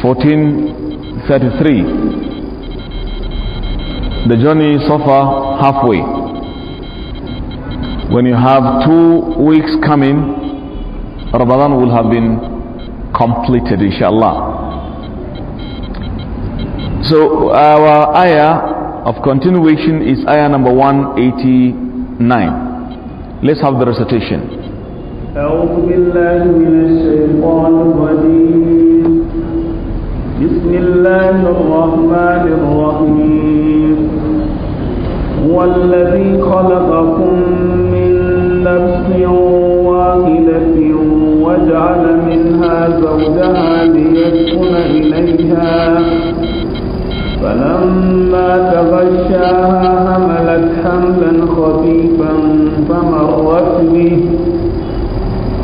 1433. The journey so far halfway. When you have two weeks coming, Ramadan will have been completed, inshallah. So our ayah of continuation is ayah number 189. Let's have the recitation. أعوذ بالله من الشيطان الرجيم بسم الله الرحمن الرحيم هو الذي خلقكم من نفس واحدة وجعل منها زوجها ليسكن إليها فلما تغشاها حملت حملا خفيفا فمرت به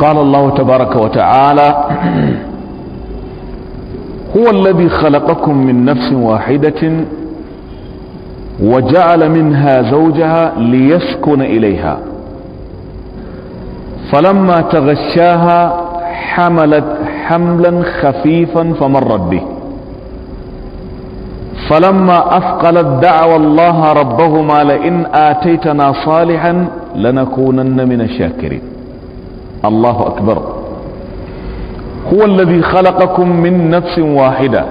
قال الله تبارك وتعالى هو الذي خلقكم من نفس واحدة وجعل منها زوجها ليسكن إليها فلما تغشاها حملت حملا خفيفا فمرت به فلما أثقلت دعوى الله ربهما لئن آتيتنا صالحا لنكونن من الشاكرين الله أكبر هو الذي خلقكم من نفس واحدة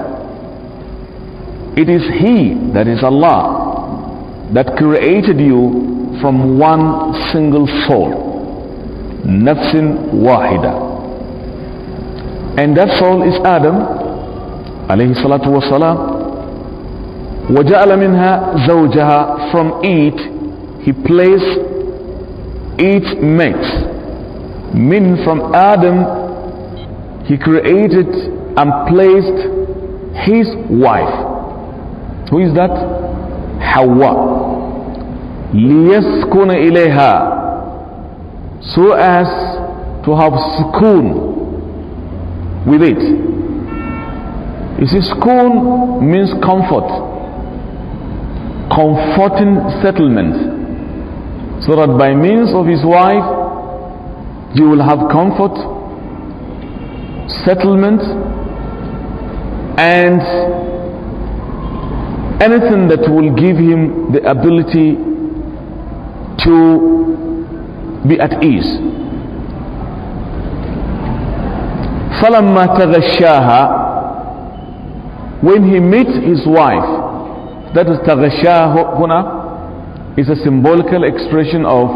It is He that is Allah that created you from one single soul نفس واحدة And that soul is Adam عليه الصلاة والسلام وجعل منها زوجها from it he placed its mate Meaning from Adam, he created and placed his wife. Who is that? Hawa. لِيَسْكُنَ ilayha, So as to have sukoon with it. You see, sukoon means comfort comforting settlement so that by means of his wife you will have comfort, settlement, and anything that will give him the ability to be at ease. when he meets his wife that is تغشاه هنا is a symbolical expression of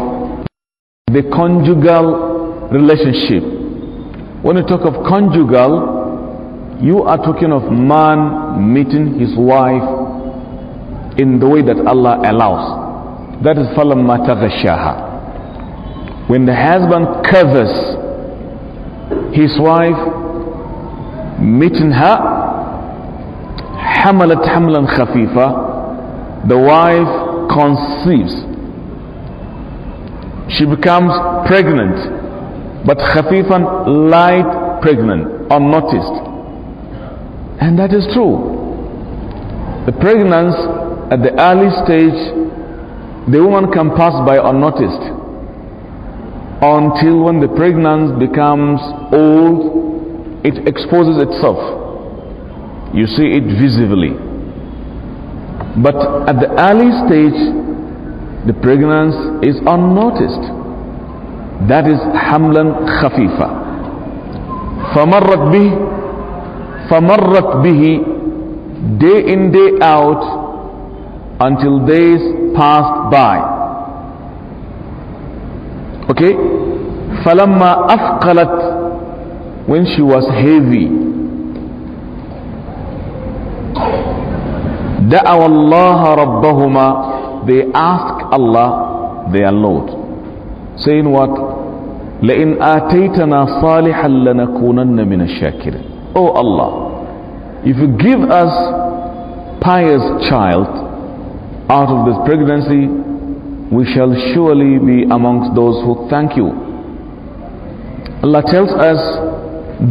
the conjugal relationship. When you talk of conjugal, you are talking of man meeting his wife in the way that Allah allows. That is falamma taghashaha. When the husband covers his wife meeting her, hamalat hamlan khafifa, the wife conceives. She becomes pregnant but khafifan, light, pregnant, unnoticed. And that is true. The pregnancy at the early stage, the woman can pass by unnoticed until when the pregnancy becomes old, it exposes itself. You see it visibly. But at the early stage, the pregnancy is unnoticed that is حملا khafifa. فمرت به فمرت به day in day out until days passed by okay فلما أثقلت when she was heavy دعوا الله ربهما they ask Allah their Lord saying what لئن آتيتنا صالحا لنكونن من الشاكرين Oh Allah, if you give us pious child out of this pregnancy, we shall surely be amongst those who thank you. Allah tells us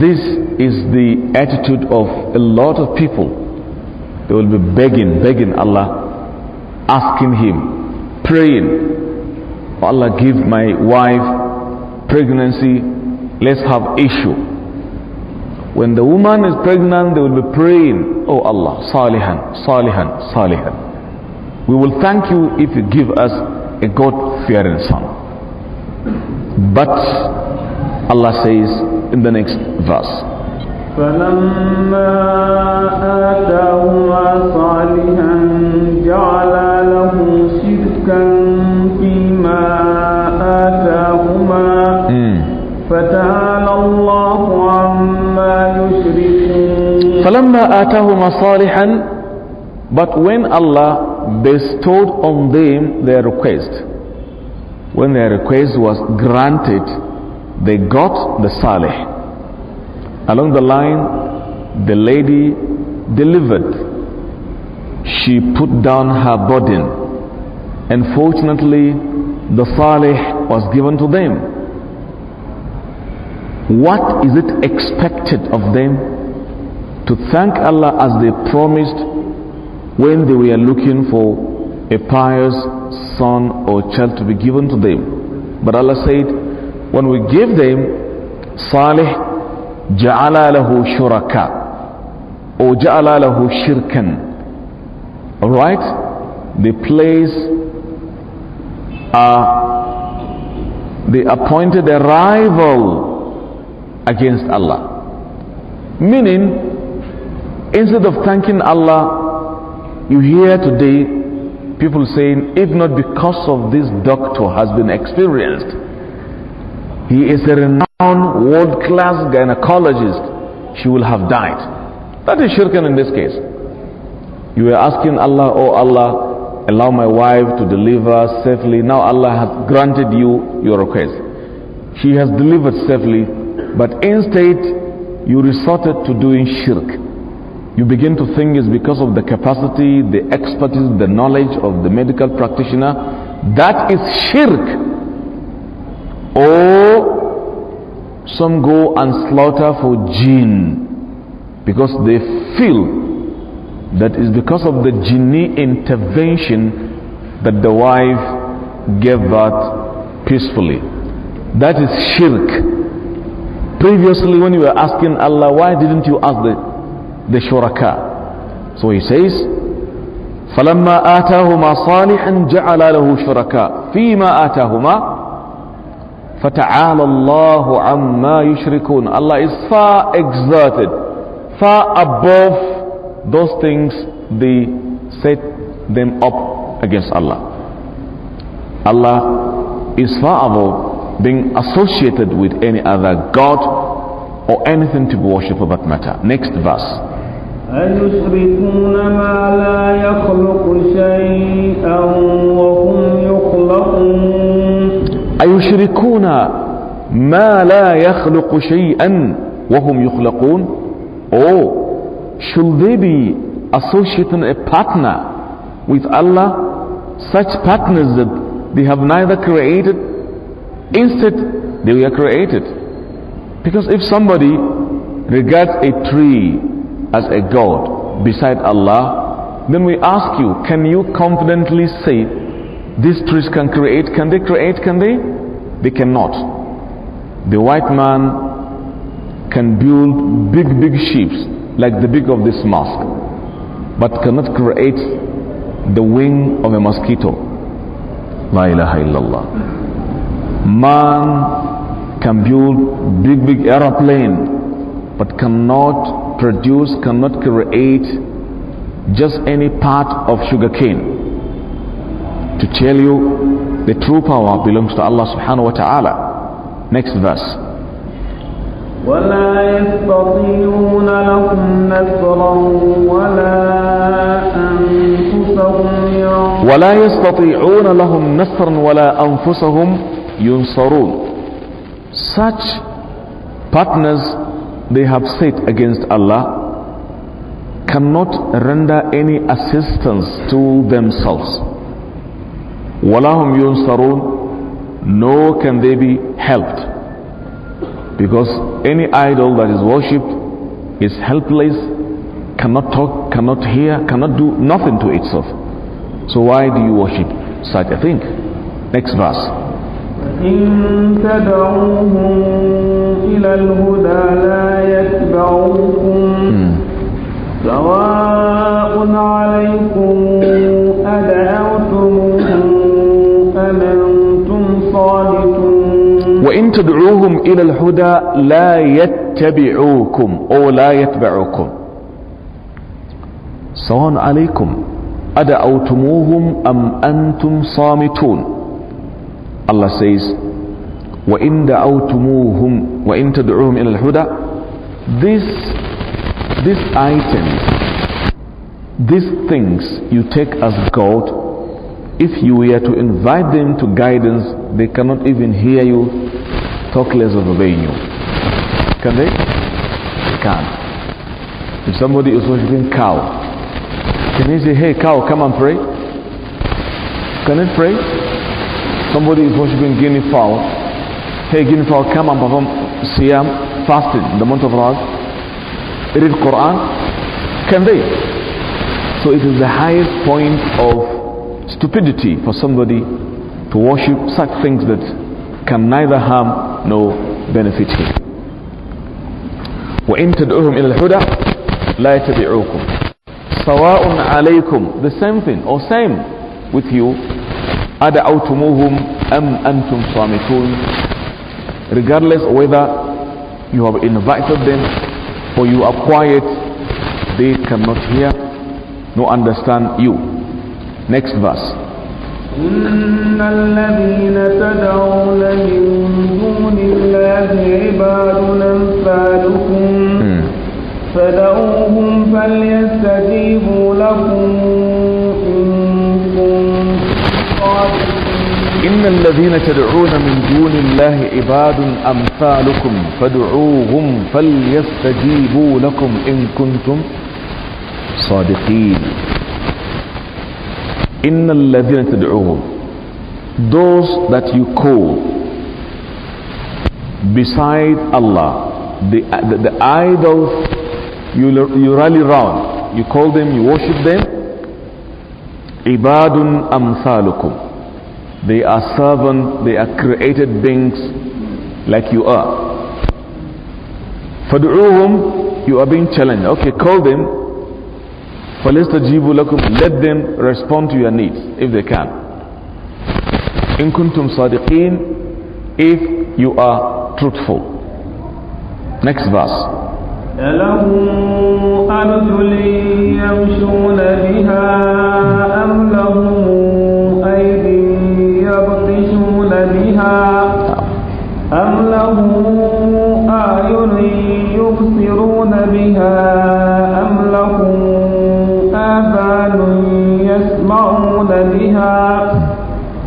this is the attitude of a lot of people. They will be begging, begging Allah, asking Him, praying, oh Allah, give my wife pregnancy, let's have issue. When the woman is pregnant, they will be praying, Oh Allah, Salihan, Salihan, Salihan. We will thank you if you give us a God fearing son. But Allah says in the next verse, فلما آتاهما صالحا جعل له فَلَمَّا آتَاهُمَا صَالِحًا But when Allah bestowed on them their request, when their request was granted, they got the Salih. Along the line, the lady delivered. She put down her burden. And fortunately, the Salih was given to them. What is it expected of them? to thank Allah as they promised when they were looking for a pious son or child to be given to them. But Allah said, when we give them Salih ja'ala lahu shuraka or ja'ala lahu shirkan. Alright? They place uh, they appointed a rival against Allah. Meaning Instead of thanking Allah, you hear today people saying, if not because of this doctor has been experienced, he is a renowned world class gynecologist, she will have died. That is shirkan in this case. You were asking Allah, oh Allah, allow my wife to deliver safely. Now Allah has granted you your request. She has delivered safely, but instead you resorted to doing shirk you begin to think is because of the capacity, the expertise, the knowledge of the medical practitioner. That is shirk. Or some go and slaughter for jinn because they feel that is because of the genie intervention that the wife gave birth peacefully. That is shirk. Previously, when you were asking Allah, why didn't you ask the the shuraka. So he says, فلما آتاهما صالحا جعل له شركاء فيما آتاهما فتعالى الله عما يشركون Allah is far exerted far above those things they set them up against Allah Allah is far above being associated with any other God or anything to be worshipped for that matter next verse أيشركون ما لا يخلق شيئا وهم يخلقون أيشركون ما لا يخلق شيئا وهم يخلقون Oh, should they be associating a partner with Allah, such partners that they have neither created, instead they were created. Because if somebody regards a tree as a God beside Allah, then we ask you, can you confidently say these trees can create? Can they create? Can they? They cannot. The white man can build big, big ships like the big of this mosque, but cannot create the wing of a mosquito. La ilaha illallah. Man can build big, big aeroplane, but cannot produce, cannot create just any part of sugarcane. To tell you, the true power belongs to Allah subhanahu wa ta'ala. Next verse. ولا يستطيعون لكم نصرا ولا أنفسهم ينصرون ولا يستطيعون لهم نصرا ولا أنفسهم ينصرون Such partners they have said against Allah cannot render any assistance to themselves. Walahum yunsarun, nor can they be helped. Because any idol that is worshipped is helpless, cannot talk, cannot hear, cannot do nothing to itself. So why do you worship such a thing? Next verse. إن تدعوهم إلى الهدى لا يتبعوكم سواء عليكم أدعوتموهم أم أنتم صادقون وإن تدعوهم إلى الهدى لا يتبعوكم أو لا يتبعوكم سواء عليكم أدعوتموهم أم أنتم صامتون Allah says, وَإِن دَعَوْتُمُوهُمْ وَإِن تَدْعُوهُمْ إِلَى الْهُدَى This, These items, these things you take as God, if you were to invite them to guidance, they cannot even hear you, talk less of obeying you. Can they? They can. If somebody is worshipping cow, can he say, hey cow, come and pray? Can it pray? Somebody is worshipping guinea fowl. Hey, guinea fowl, come and perform siyam, fasting, the month of Raj. Read Quran. Can they? So it is the highest point of stupidity for somebody to worship such things that can neither harm nor benefit him. وإن تدعوهم إلى الهدى لا يتبعوكم سواء عليكم the same thing or same with you أَدَعَوْتُمُوهُمْ am antum صَامِتُونَ Regardless of whether you have invited them or you are quiet, they cannot hear nor understand you. Next verse. إن الذين تدعون من دون الله عباد أمثالكم hmm. فدعوهم فليستجيبوا لكم إن الذين تدعون من دون الله عباد أمثالكم فدعوهم فليستجيبوا لكم إن كنتم صادقين إن الذين تدعوهم those that you call beside Allah the, the, the idols you, you rally around you call them you worship them عباد أمثالكم They are servants, they are created beings like you are. room, You are being challenged. Okay, call them. Let them respond to your needs if they can. In kuntum sadiqin, If you are truthful. Next verse. ألهم أرجل يمشون بها أم لهم أم له أعين يبصرون بها أم لهم آذان يسمعون بها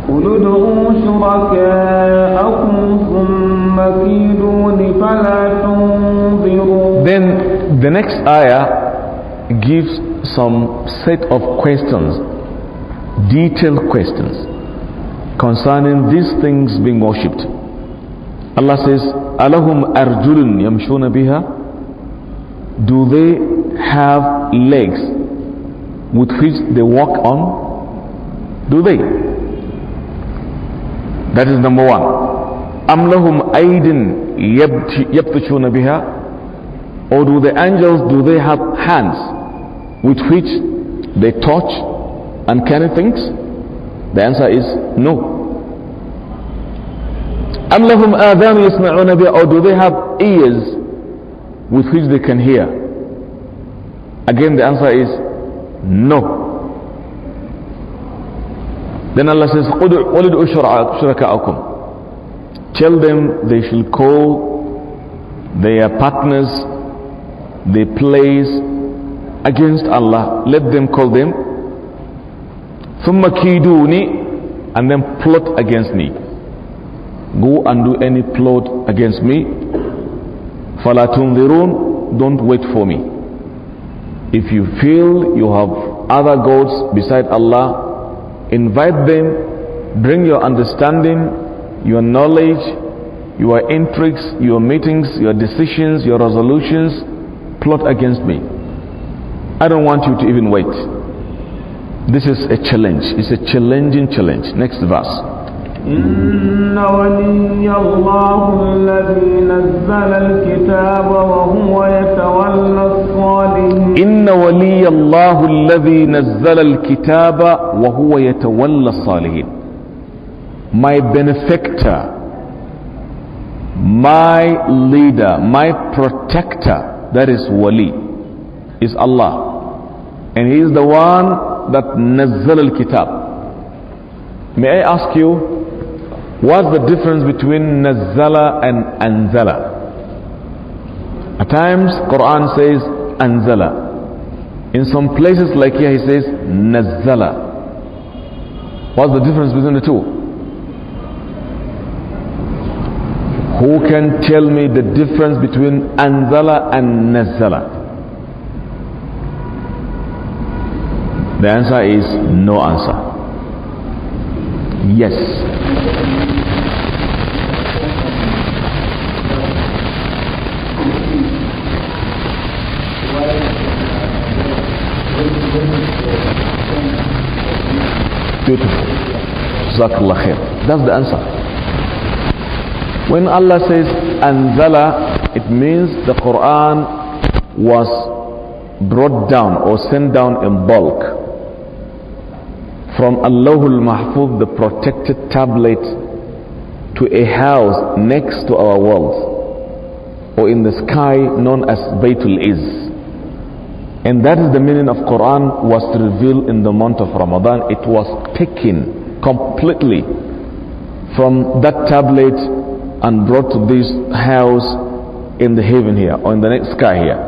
قل ادعوا شركاءكم ثم كيدون فلا تنظرون Then the next ayah gives some set of questions, detailed questions concerning these things being worshipped. Allah says, Alahum arjulun yamshuna biha. Do they have legs with which they walk on? Do they? That is number one. Am aidin aydin yabtashuna biha. Or do the angels, do they have hands with which they touch and carry things? The answer is no. Am لَهُمْ آذَانُ يَسْمَعُونَ بِهَا Or do they have ears with which they can hear? Again, the answer is no. Then Allah says, قُلِدْعُ شُرَكَاءَكُمْ Tell them they shall call their partners, their plays against Allah. Let them call them ثم كيدوني and then plot against me go and do any plot against me فلا تنظرون don't wait for me if you feel you have other gods beside Allah invite them bring your understanding your knowledge your intrigues your meetings your decisions your resolutions plot against me I don't want you to even wait this is a challenge. It's a challenging challenge. Next verse. إن ولي الله الذي نزل الكتاب وهو يتولى الصالحين إن ولي الله الذي نزل الكتاب وهو يتولى الصالحين My benefactor My leader My protector That is wali Is Allah And he is the one that nazzal al-kitab. May I ask you, what's the difference between nazzala and anzala? At times, Quran says anzala. In some places like here, he says nazzala. What's the difference between the two? Who can tell me the difference between anzala and nazzala? The answer is no answer. Yes. Beautiful. That's the answer. When Allah says anzala, it means the Quran was brought down or sent down in bulk from Allahul Mahfuz, the protected tablet, to a house next to our world or in the sky known as Baytul Iz. And that is the meaning of Quran was revealed in the month of Ramadan. It was taken completely from that tablet and brought to this house in the heaven here or in the next sky here.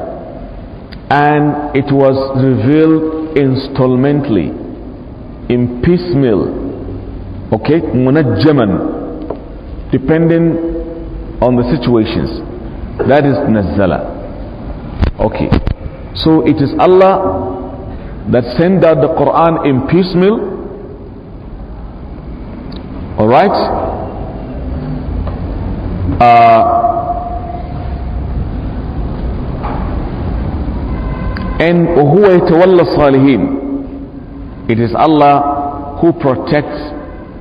And it was revealed installmentally in piecemeal okay munajjaman depending on the situations that is nazala okay so it is allah that sent out the quran in piecemeal all right uh, and huwa yatawalla salihin it is Allah who protects,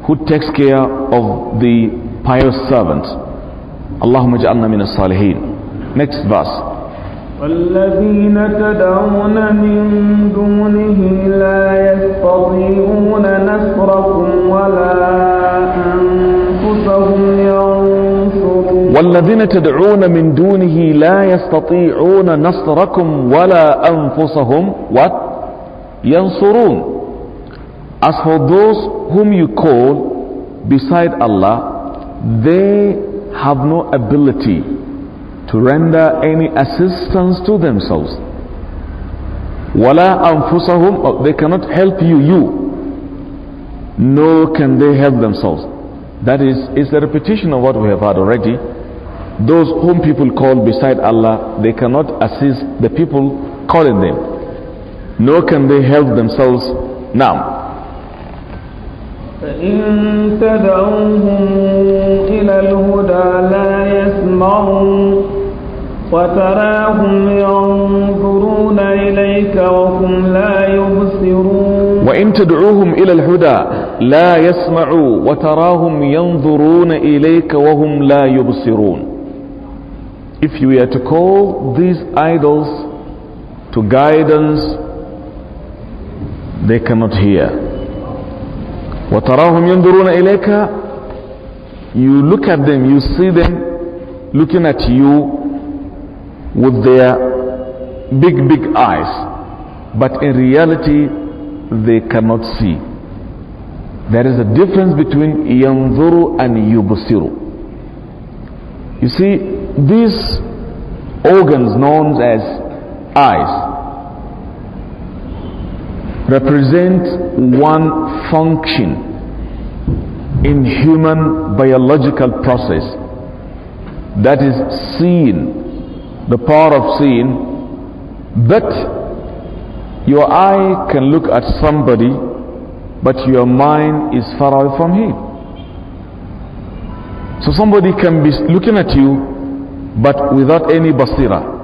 who takes care of the pious servant. Allahumma ja'alna min as-salihin. Next verse. والذين تدعون من دونه لا يستطيعون نصركم ولا أنفسهم ينصرون والذين تدعون من دونه لا يستطيعون نصركم ولا أنفسهم ينصرون as for those whom you call beside Allah, they have no ability to render any assistance to themselves. Wala anfusahum, oh, they cannot help you, you. Nor can they help themselves. That is, it's a repetition of what we have had already. Those whom people call beside Allah, they cannot assist the people calling them, nor can they help themselves now. فإن تدعوهم إلى الهدى لا يسمعوا وتراهم ينظرون إليك وهم لا يبصرون وإن تدعوهم إلى الهدى لا يسمعوا وتراهم ينظرون إليك وهم لا يبصرون If you were to call these idols to guidance, they cannot hear. وتراهم ينظرون إليك you look at them you see them looking at you with their big big eyes but in reality they cannot see there is a difference between ينظروا and يبصروا. you see these organs known as eyes represents one function in human biological process that is seeing the power of seeing but your eye can look at somebody but your mind is far away from him so somebody can be looking at you but without any basira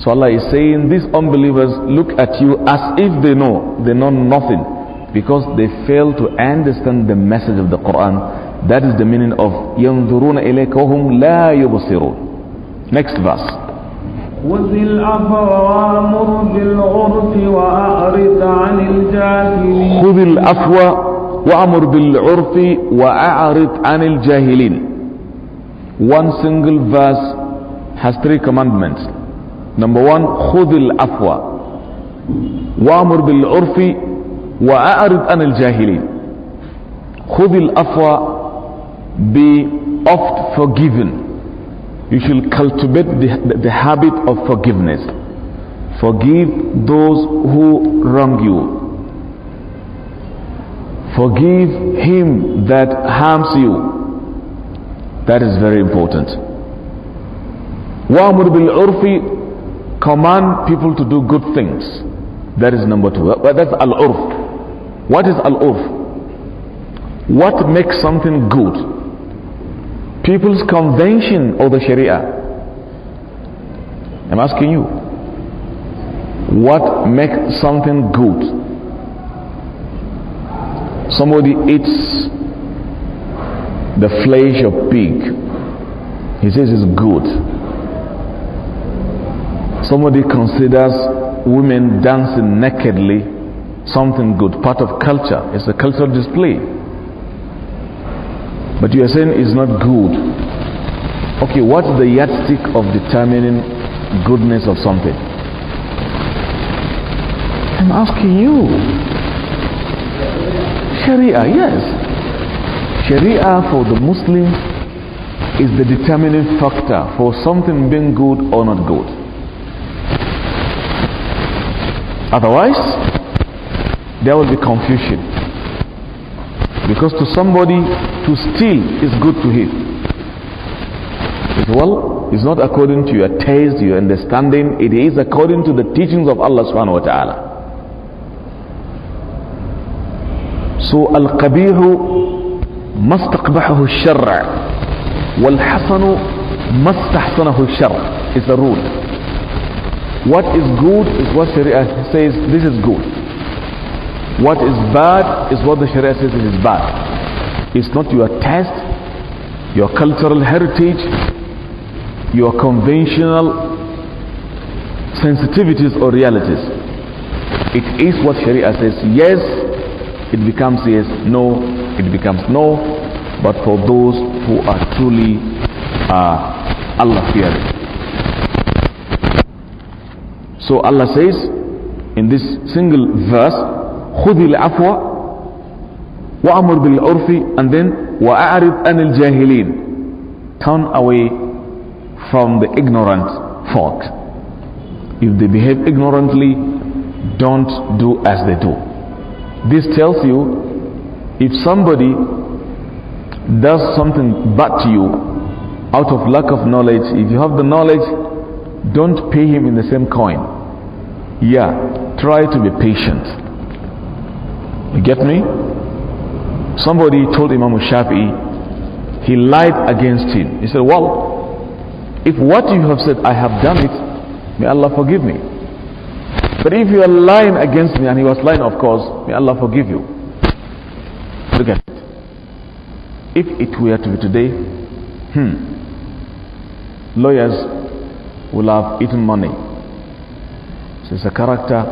so Allah is saying, these unbelievers look at you as if they know, they know nothing because they fail to understand the message of the Quran. That is the meaning of ينظرون إليك لا يبصرون. Next verse. خذ العفو وأمر بالعرف وأعرض عن الجاهلين. One single verse has three commandments. Number one, خذ العفو وامر بالعرف وأعرض عن الجاهلين. خذ العفو be oft forgiven. You should cultivate the, the, the habit of forgiveness. Forgive those who wrong you. Forgive him that harms you. That is very important. وامر بالعرف command people to do good things. That is number two. That's al-urf. What is al-urf? What makes something good? People's convention or the sharia. I'm asking you. What makes something good? Somebody eats the flesh of pig. He says it's good somebody considers women dancing nakedly something good, part of culture. It's a cultural display. But you are saying it's not good. Okay, what's the yardstick of determining goodness of something? I'm asking you. Sharia, yes. Sharia for the Muslim is the determining factor for something being good or not good. Otherwise, there will be confusion. Because to somebody, to steal is good to him. well, it's not according to your taste, your understanding. It is according to the teachings of Allah subhanahu wa ta'ala. So, al-qabihu mastaqbahahu al-shar'a wal-hasanu mastahsanahu al-shar'a is the rule. What is good is what Sharia says this is good. What is bad is what the Sharia says is bad. It's not your taste, your cultural heritage, your conventional sensitivities or realities. It is what Sharia says yes, it becomes yes, no, it becomes no, but for those who are truly uh, Allah fearing. So Allah says in this single verse, خُذِ الْعَفْوَ وَأَمُرْ بِالْعُرْفِ and then وَأَعْرِضْ أَنِ الْجَاهِلِينَ Turn away from the ignorant folk. If they behave ignorantly, don't do as they do. This tells you if somebody does something bad to you out of lack of knowledge, if you have the knowledge, don't pay him in the same coin. Yeah, try to be patient. You get me? Somebody told Imam Shafi'i, he lied against him. He said, Well, if what you have said, I have done it, may Allah forgive me. But if you are lying against me, and he was lying, of course, may Allah forgive you. Look at it. If it were to be today, hmm, lawyers will have eaten money it's a character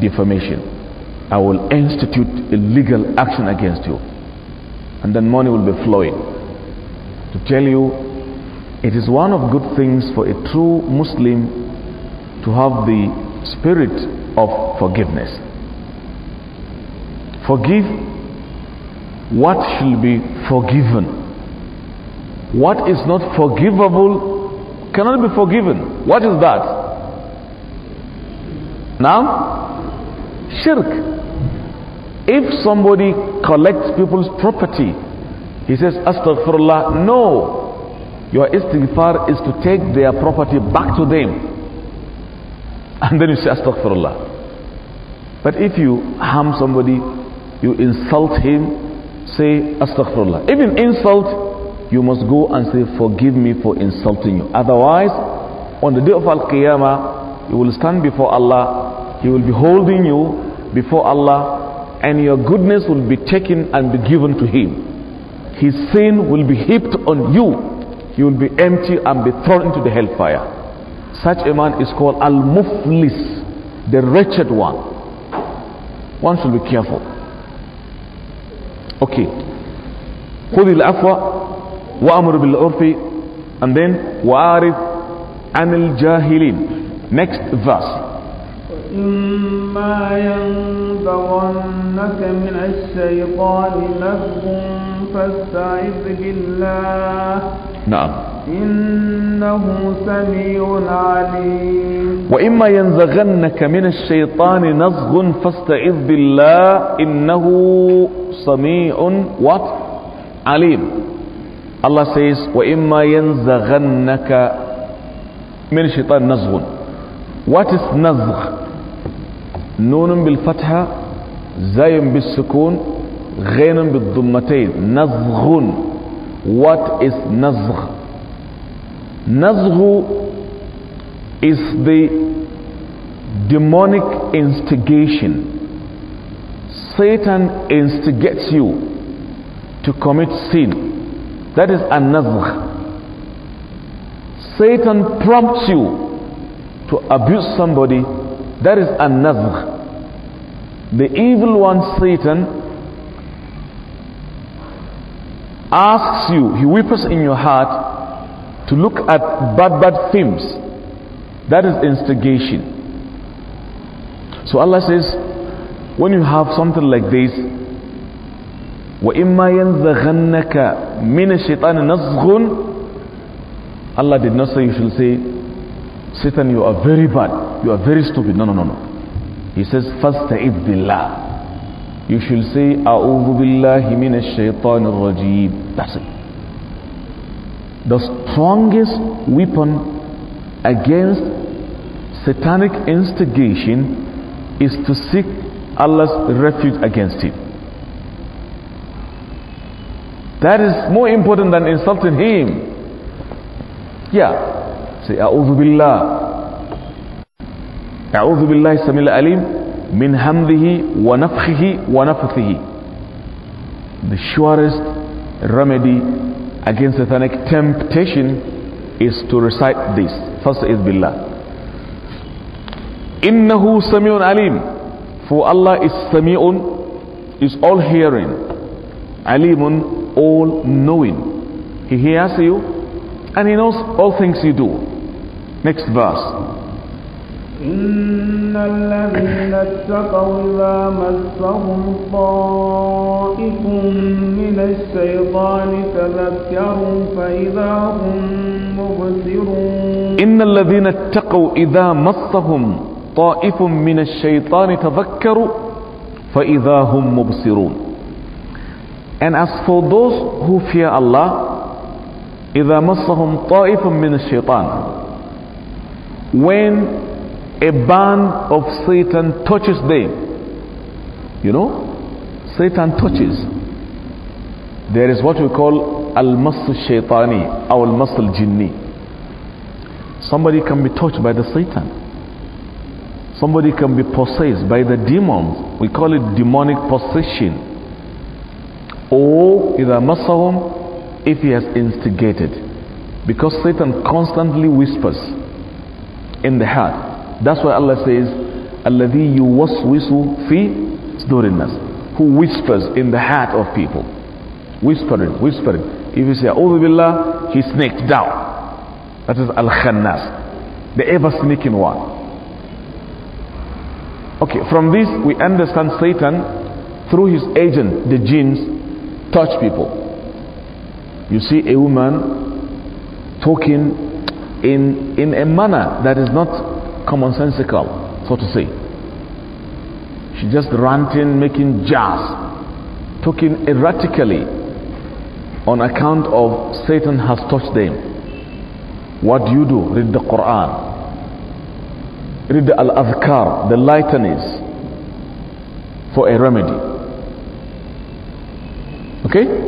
defamation. I will institute a legal action against you. And then money will be flowing. To tell you, it is one of good things for a true Muslim to have the spirit of forgiveness. Forgive what shall be forgiven. What is not forgivable cannot be forgiven. What is that? Now, shirk. If somebody collects people's property, he says, Astaghfirullah. No, your istighfar is to take their property back to them. And then you say, Astaghfirullah. But if you harm somebody, you insult him, say, Astaghfirullah. Even insult, you must go and say, Forgive me for insulting you. Otherwise, on the day of Al Qiyamah, you will stand before Allah, He will be holding you before Allah, and your goodness will be taken and be given to Him. His sin will be heaped on you, you will be empty and be thrown into the hellfire. Such a man is called Al Muflis, the wretched one. One should be careful. Okay. خذ العفو وأمر بالعرف and then وعارف عن الجاهلين Next verse. وإما ينبغنك من الشيطان نزغ فاستعذ بالله نعم إنه سميع عليم وإما ينزغنك من الشيطان نزغ فاستعذ بالله إنه سميع وات عليم Allah says وإما ينزغنك من الشيطان نزغ What is nazgh? Nunun bil fatha, zayun bil sukun, ghainun bil dhummatayn. Nazghun. What is nazgh? Nazghu is the demonic instigation. Satan instigates you to commit sin. That is a nazgh. Satan prompts you to abuse somebody, that is an nazgh. The evil one, Satan, asks you, he whispers in your heart to look at bad, bad films. That is instigation. So Allah says, when you have something like this, وَإِمَّا يَنْزَغَنَّكَ مِنَ الشَّيْطَانِ نَزْغٌ Allah did not say you should say Satan, you are very bad. You are very stupid. No, no, no, no. He says, the بِاللَّهِ You should say, أَعُوذُ بِاللَّهِ مِنَ الشَّيْطَانِ الرَّجِيمِ That's it. The strongest weapon against satanic instigation is to seek Allah's refuge against him. That is more important than insulting him. Yeah, Say, A'udhu Billah. A'udhu Billah Samil Alim min hamdihi wa nafkhihi wa nafthihi. The surest remedy against satanic temptation is to recite this. First is Billah. Innahu Sami'un Alim. For Allah is Sami'un, is all hearing. Alimun, all knowing. He hears you and he knows all things you do. Next verse. إن الذين اتقوا إذا مسهم طائف من الشيطان تذكروا فإذا هم مبصرون إن الذين اتقوا إذا مسهم طائف من الشيطان تذكروا فإذا هم مبصرون And as for those who fear Allah إذا مسهم طائف من الشيطان when a band of Satan touches them, you know, Satan touches. There is what we call al masl shaitani or al masl jinni. Somebody can be touched by the Satan. Somebody can be possessed by the demons. We call it demonic possession. Or إذا مسهم if he has instigated. Because Satan constantly whispers in the heart. That's why Allah says, الَّذِي يُوَسْوِسُ fi صُدُورِ Who whispers in the heart of people. Whispering, whispering. If you say, أعوذ billah, he sneaks down. That is al-khannas. The ever sneaking one. Okay, from this we understand Satan, through his agent, the jinns, touch people. You see a woman talking in, in a manner that is not commonsensical, so to say. She's just ranting, making jazz, talking erratically on account of Satan has touched them. What do you do? Read the Quran. Read the al Azkar, the litanies for a remedy. Okay?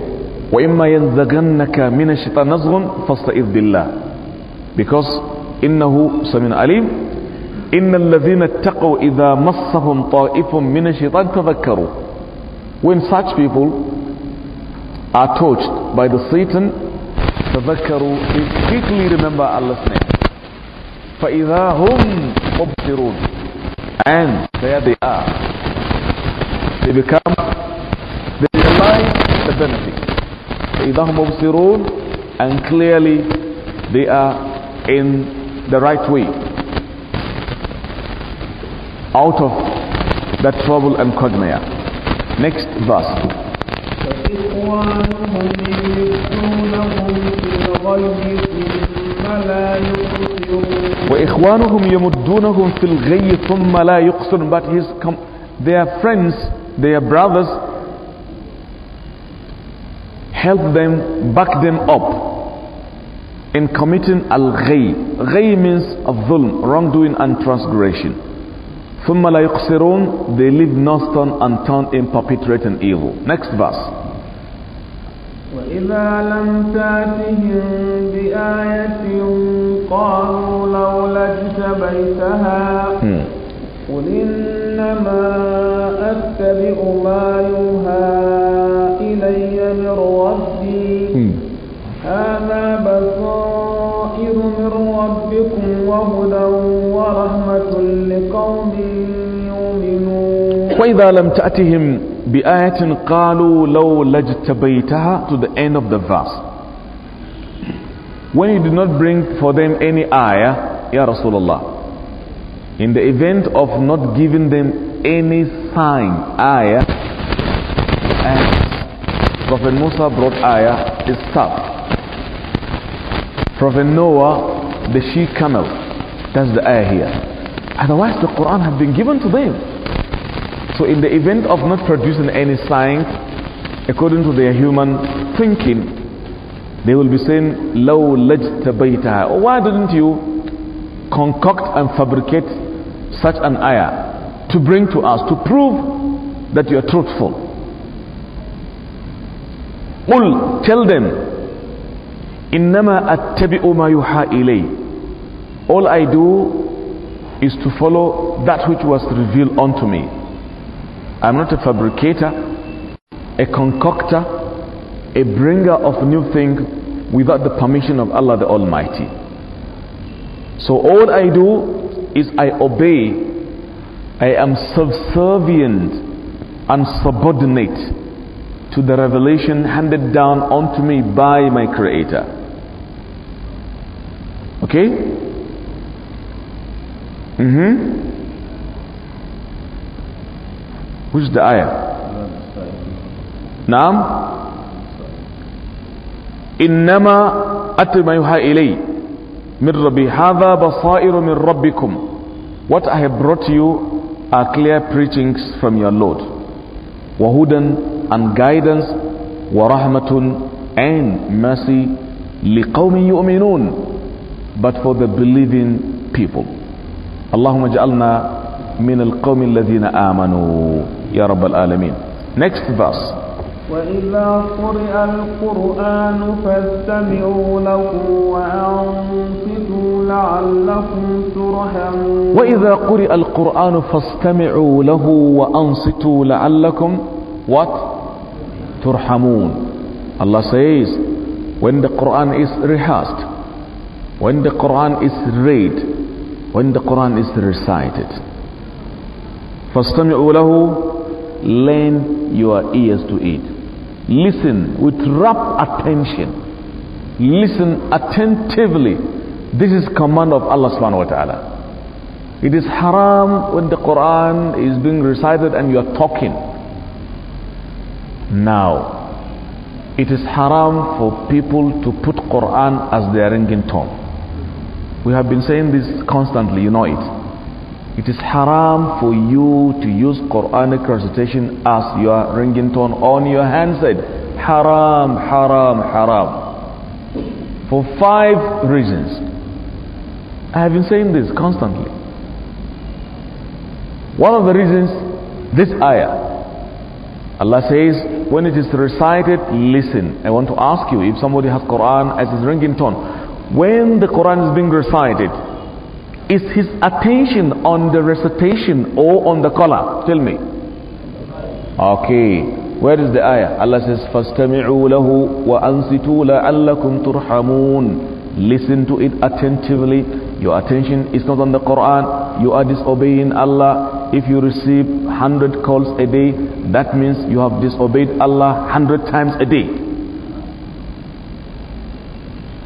وإما ينزغنك من الشيطان نزغ فاستعذ بالله because إنه سميع عليم إن الذين اتقوا إذا مصهم طائف من الشيطان تذكروا when such people are touched by the Satan تذكروا they quickly remember Allah's name فإذا هم مبصرون and there they are they become they realize the benefit فإذا هم مبصرون and clearly they are in the right way out of that trouble and quagmire. Next verse. وإخوانهم يمدونهم في الغي ثم لا but his their friends their brothers help them back them up in committing al-ghay. Ghay means of dhulm, wrongdoing and transgression. ثُمَّ لَا يُقْصِرُونَ They leave no stone unturned in perpetrating evil. Next verse. وَإِذَا لَمْ تَأْتِهِمْ بِآيَةٍ قَالُوا لَوْلَا اجْتَبَيْتَهَا hmm. قُلْ إِنَّمَا أَتَّبِعُ مَا يُوحَى إِلَيَّ مِنْ رَبِّي هذا بصائر من ربكم وهدى ورحمة لقوم يؤمنون وإذا لم تأتهم بآية قالوا لو لجتبيتها to the end of the verse when you did not bring for them any ayah, Ya Rasulullah, in the event of not giving them any sign, ayah, and Prophet Musa brought ayah, is stopped Prophet Noah, the she camel. That's the ayah here. Otherwise, the Quran had been given to them. So, in the event of not producing any signs, according to their human thinking, they will be saying, "Low lajtabaytaha." Why didn't you concoct and fabricate such an ayah to bring to us to prove that you are truthful? Qul, tell them, Innama attabi'u ma yuha ilay. All I do is to follow that which was revealed unto me. I'm not a fabricator, a concoctor, a bringer of new things without the permission of Allah the Almighty. So all I do is I obey. I am subservient and subordinate to the revelation handed down unto me by my Creator. Okay? Mm-hmm. Which is the ayah? نعم إنما أتى ما يوحى إلي من ربي هذا min من ربكم What I have brought you are clear preachings from your Lord وهدى and guidance ورحمة and mercy لقوم يؤمنون but for the believing people. اللهم اجعلنا من القوم الذين آمنوا يا رب العالمين. Next verse. وإذا قرئ القرآن فاستمعوا له وأنصتوا لعلكم ترحمون وإذا قرئ القرآن فاستمعوا له وأنصتوا لعلكم what? ترحمون Allah says when the Quran is rehearsed when the Quran is read, when the Quran is recited, فَاسْتَمِعُوا لَهُ Lend your ears to it. Listen with rapt attention. Listen attentively. This is command of Allah subhanahu wa ta'ala. It is haram when the Quran is being recited and you are talking. Now, it is haram for people to put Quran as their ringing tone. We have been saying this constantly, you know it. It is haram for you to use Quranic recitation as your ringing tone on your handset. Haram, haram, haram. For five reasons. I have been saying this constantly. One of the reasons, this ayah. Allah says, when it is recited, listen. I want to ask you if somebody has Quran as his ringing tone when the Quran is being recited, is his attention on the recitation or on the color? Tell me. Okay. Where is the ayah? Allah says, فَاسْتَمِعُوا لَهُ وَأَنْصِتُوا لَعَلَّكُمْ تُرْحَمُونَ Listen to it attentively. Your attention is not on the Quran. You are disobeying Allah. If you receive 100 calls a day, that means you have disobeyed Allah 100 times a day.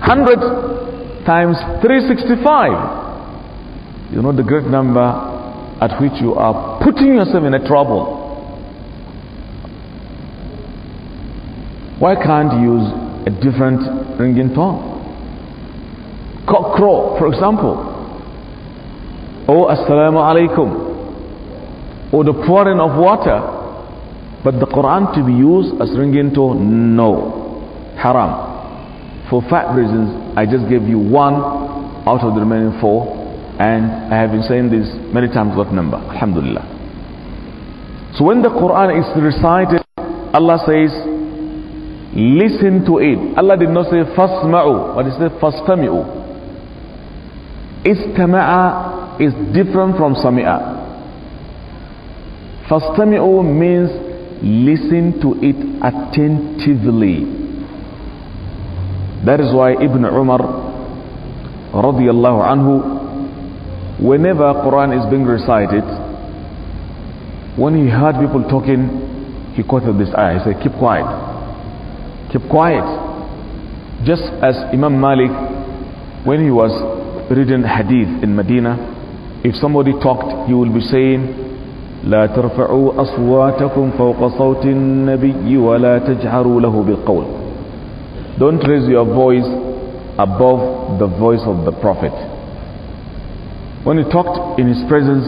100 times 365. You know the great number at which you are putting yourself in a trouble. Why can't you use a different ringing tone? Cock crow, for example. Or oh, assalamu alaikum. Or oh, the pouring of water. But the Quran to be used as ringing tone? No. Haram. For five reasons, I just gave you one out of the remaining four, and I have been saying this many times what number. Alhamdulillah. So when the Quran is recited, Allah says, listen to it. Allah did not say fasma'u, but He said fastami'u. Istama'a is different from sami'a. Fastami'u means listen to it attentively. That is why Ibn Umar radiallahu anhu, whenever Quran is being recited, when he heard people talking, he quoted this ayah. He said, keep quiet. Keep quiet. Just as Imam Malik, when he was reading hadith in Medina, if somebody talked, he will be saying, لا ترفعوا أصواتكم فوق صوت النبي ولا تجهروا له بالقول don't raise your voice above the voice of the Prophet. When he talked in his presence,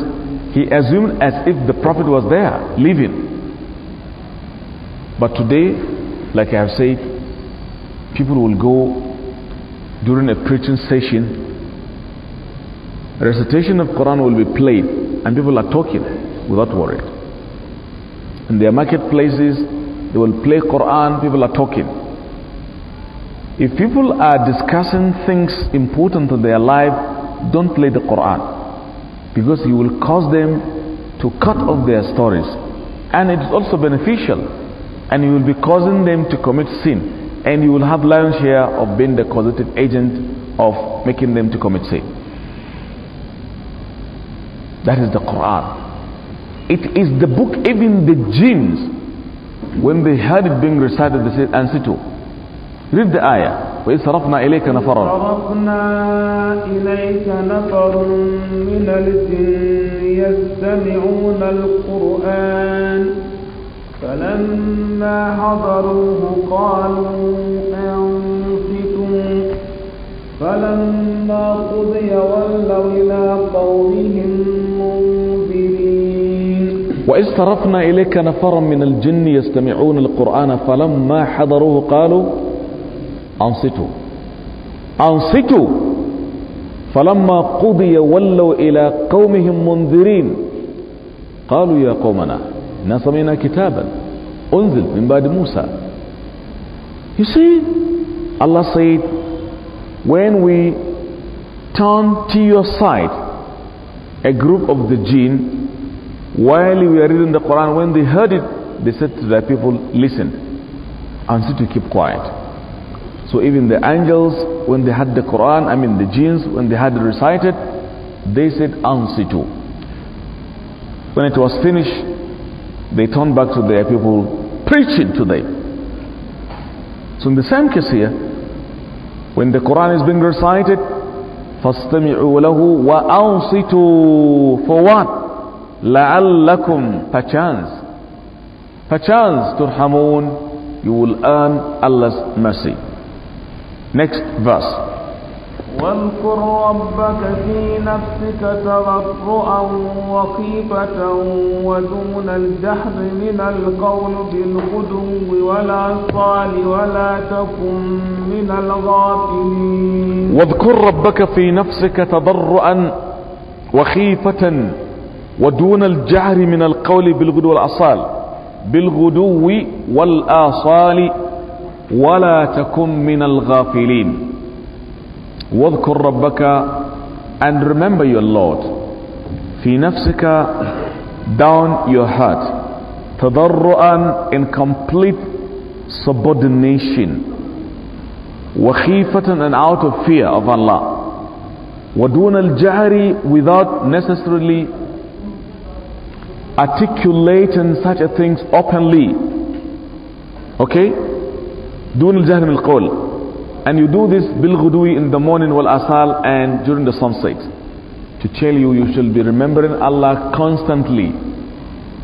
he assumed as if the Prophet was there, living. But today, like I have said, people will go during a preaching session. Recitation of Quran will be played, and people are talking without worry. In their marketplaces, they will play Quran, people are talking. If people are discussing things important to their life, don't play the Quran because you will cause them to cut off their stories. And it is also beneficial, and you will be causing them to commit sin, and you will have lion's share of being the causative agent of making them to commit sin. That is the Quran. It is the book, even the jinns, when they heard it being recited, they said, Ansito. نبدا آية وإذ صرفنا إليك نفرا صرفنا إليك نفر من الجن يستمعون القرآن فلما حضروه قالوا أنصتوا فلما قضي ولوا إلى قومهم وإذ صرفنا إليك نفرا من الجن يستمعون القرآن فلما حضروه قالوا أنصتوا أنصتوا فلما قضي ولوا إلى قومهم منذرين قالوا يا قومنا إنا سمعنا كتابا أنزل من بعد موسى You see, Allah said, when we turn to your side, a group of the jinn, while we are reading the Quran, when they heard it, they said to their people, listen, and sit to keep quiet. So even the angels, when they had the Quran, I mean the jinns, when they had it recited, they said ansitu. When it was finished, they turned back to their people, preaching to them. So in the same case here, when the Quran is being recited, فاستمعوا له وأنصتوا for what? لعلكم perchance perchance ترحمون you will earn Allah's mercy Next verse. واذكر ربك في نفسك تضرعا وخيفة ودون الجهر من القول بالغدو الصال ولا تكن من الغافلين واذكر ربك في نفسك تضرعا وخيفة ودون الجهر من القول بالغدو والأصال بالغدو والآصال ولا تكن من الغافلين واذكر ربك and remember your Lord في نفسك down your heart تضرعا in complete subordination وخيفة and out of fear of Allah ودون الجهر without necessarily articulating such a things openly okay دون الجهل بالقول and you do this بالغدو in the morning والأصال and during the sunset to tell you you shall be remembering Allah constantly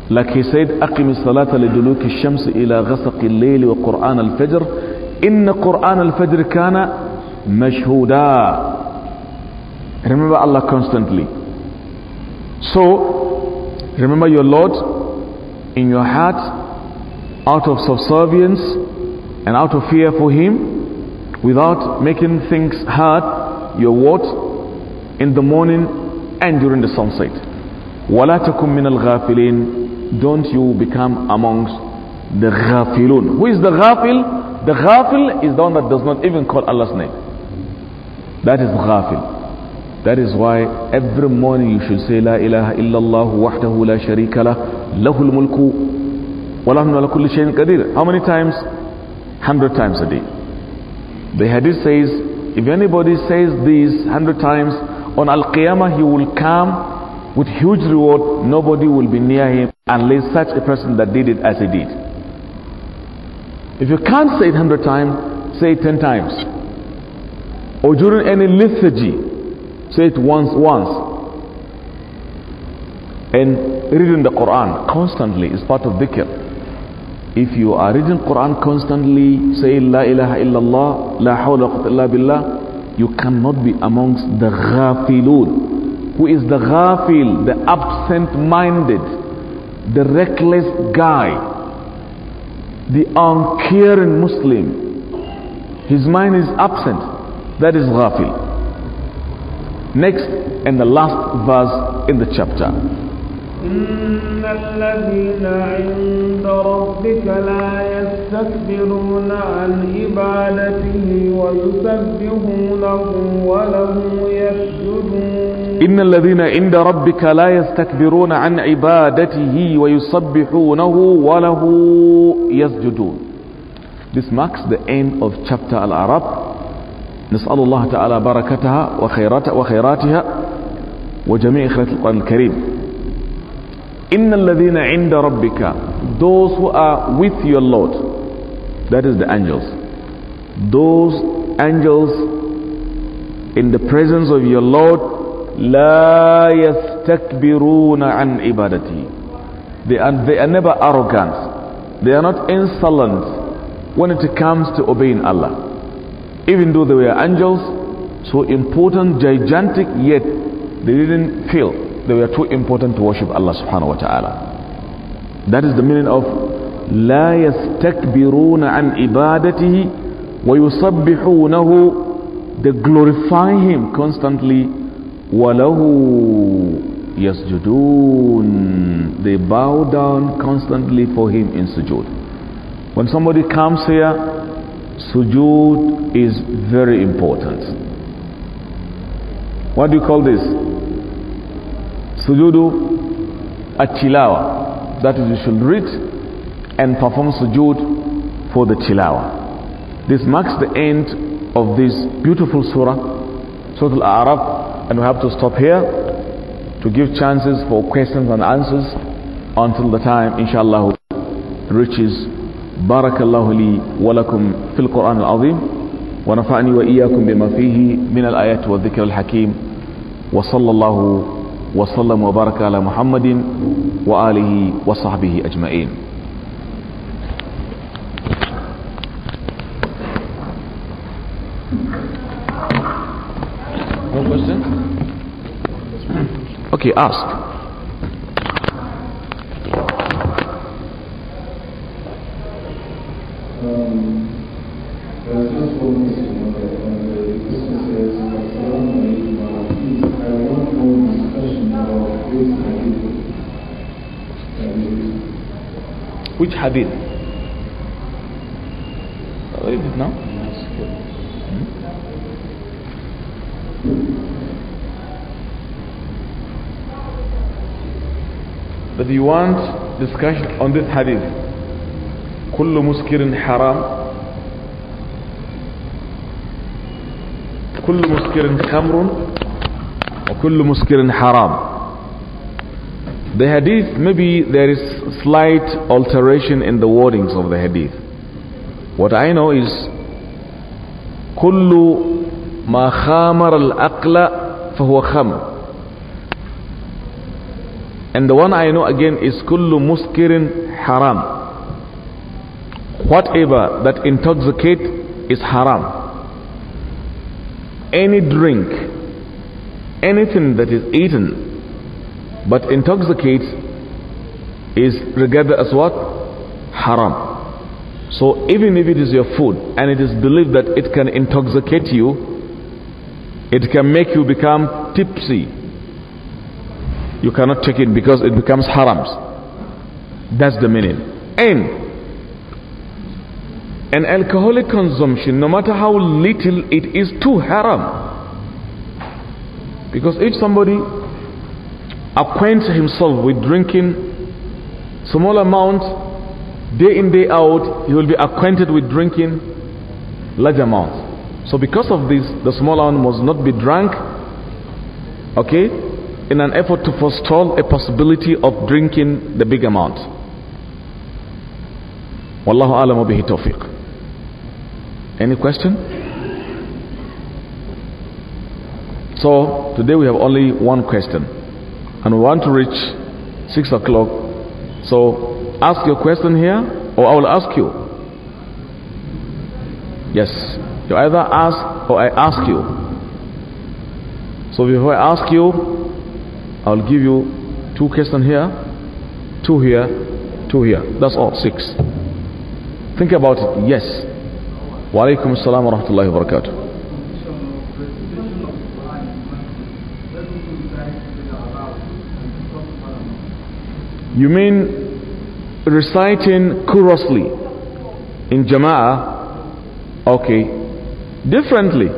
like he said أقم الصلاة لدلوك الشمس إلى غسق الليل وقرآن الفجر إن قرآن الفجر كان مشهودا remember Allah constantly so remember your Lord in your heart out of subservience and out of fear for him, without making things hard, you what? In the morning and during the sunset. ولا min al ghafilin. الْغَافِلِينَ Don't you become amongst the ghafilun. Who is the ghafil? The ghafil is the one that does not even call Allah's name. That is ghafil. That is why every morning you should say La ilaha illallah wahdahu la sharika lah lahul mulku wa lahum ala kulli shay'in qadir. How many times? 100 times a day. The hadith says, if anybody says this 100 times, on Al Qiyamah he will come with huge reward. Nobody will be near him unless such a person that did it as he did. If you can't say it 100 times, say it 10 times. Or during any lethargy, say it once, once. And reading the Quran constantly is part of dhikr. If you are reading Quran constantly, say La ilaha illallah, La hawla wa illa billah, you cannot be amongst the ghafilun. Who is the ghafil? The absent-minded, the reckless guy, the uncaring Muslim. His mind is absent. That is ghafil. Next and the last verse in the chapter. إن الذين عند ربك لا يستكبرون عن عبادته ويسبحونه وله يسجدون إن الذين عند ربك لا يستكبرون عن عبادته ويسبحونه وله يسجدون This marks the end of chapter Al-Arab. نسأل الله تعالى بركتها وخيراتها وجميع خيرات القرآن الكريم. Inna ladina inda rabbika. Those who are with your Lord. That is the angels. Those angels in the presence of your Lord. La yastakbiruna an ibadati. They are, they are never arrogant. They are not insolent when it comes to obeying Allah. Even though they were angels, so important, gigantic, yet they didn't feel they were too important to worship Allah subhanahu wa ta'ala. That is the meaning of لا يستكبرون عن عبادته ويسبحونه they glorify him constantly وله يسجدون they bow down constantly for him in sujood when somebody comes here sujood is very important what do you call this sujudu at-tilawa. That is, you should read and perform sujud for the tilawa. This marks the end of this beautiful surah, Surah Al-A'raf, and we have to stop here to give chances for questions and answers until the time, inshallah, reaches. بارك الله wa ولكم في القرآن العظيم ونفعني وإياكم بما فيه من الآيات والذكر الحكيم وصلى الله وسلم وبارك على محمد وآله وصحبه أجمعين Okay, ask. Um, which hadith? Read it now. But you want discussion on this hadith. كل مسكر حرام كل مسكر خمر وكل مسكر حرام The hadith, maybe there is slight alteration in the wordings of the hadith. What I know is, كل ما خامر الأقل فهو خمر. And the one I know again is كل مسكر haram. Whatever that intoxicate is haram. Any drink, anything that is eaten but intoxicates is regarded as what? Haram. So even if it is your food and it is believed that it can intoxicate you, it can make you become tipsy. You cannot take it because it becomes harams. That's the meaning. And an alcoholic consumption, no matter how little it is, too haram. Because if somebody acquaint himself with drinking small amount, day in, day out, he will be acquainted with drinking large amounts. So because of this, the small amount must not be drunk, okay, in an effort to forestall a possibility of drinking the big amount. Wallahu alamu bihi tawfiq. Any question? So today we have only one question and we want to reach 6 o'clock. So ask your question here or I will ask you. Yes, you either ask or I ask you. So before I ask you, I'll give you two questions here, two here, two here. That's all, six. Think about it. Yes. Wa alaikum assalam wa rahmatullahi wa barakatuh. You mean reciting chorously in Jama'ah? Okay. Differently.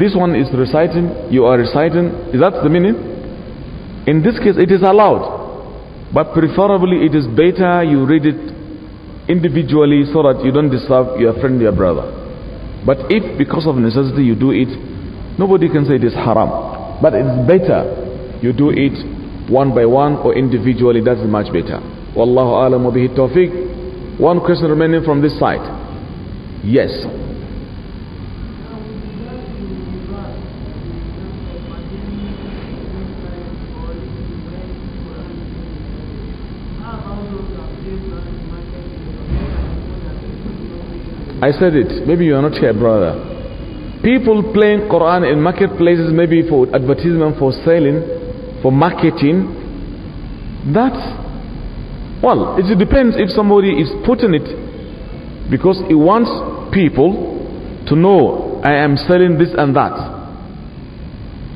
This one is reciting, you are reciting. Is that the meaning? In this case, it is allowed. But preferably, it is better you read it individually so that you don't disturb your friend, your brother. But if because of necessity you do it, nobody can say it is haram. But it's better you do it one by one or individually, that's much better. Wallahu alam wa bihi tawfiq. One question remaining from this side. Yes. I said it. Maybe you are not here, brother. People playing Quran in marketplaces, maybe for advertisement, for selling for marketing, that's, well, it depends if somebody is putting it because he wants people to know I am selling this and that.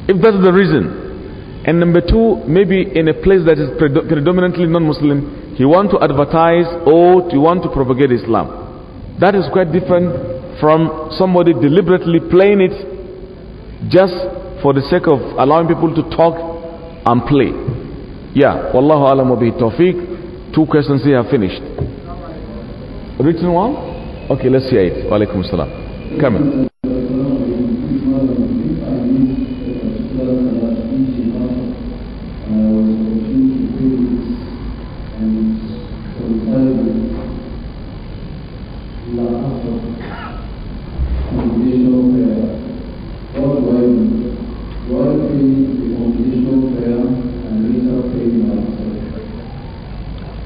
If that's the reason. And number two, maybe in a place that is predominantly non Muslim, he wants to advertise or to want to propagate Islam. That is quite different from somebody deliberately playing it just for the sake of allowing people to talk and play. Yeah, Wallahu alam wa tawfiq. Two questions here finished. Written one? Okay, let's hear it. Wa alaikum salam. Come in.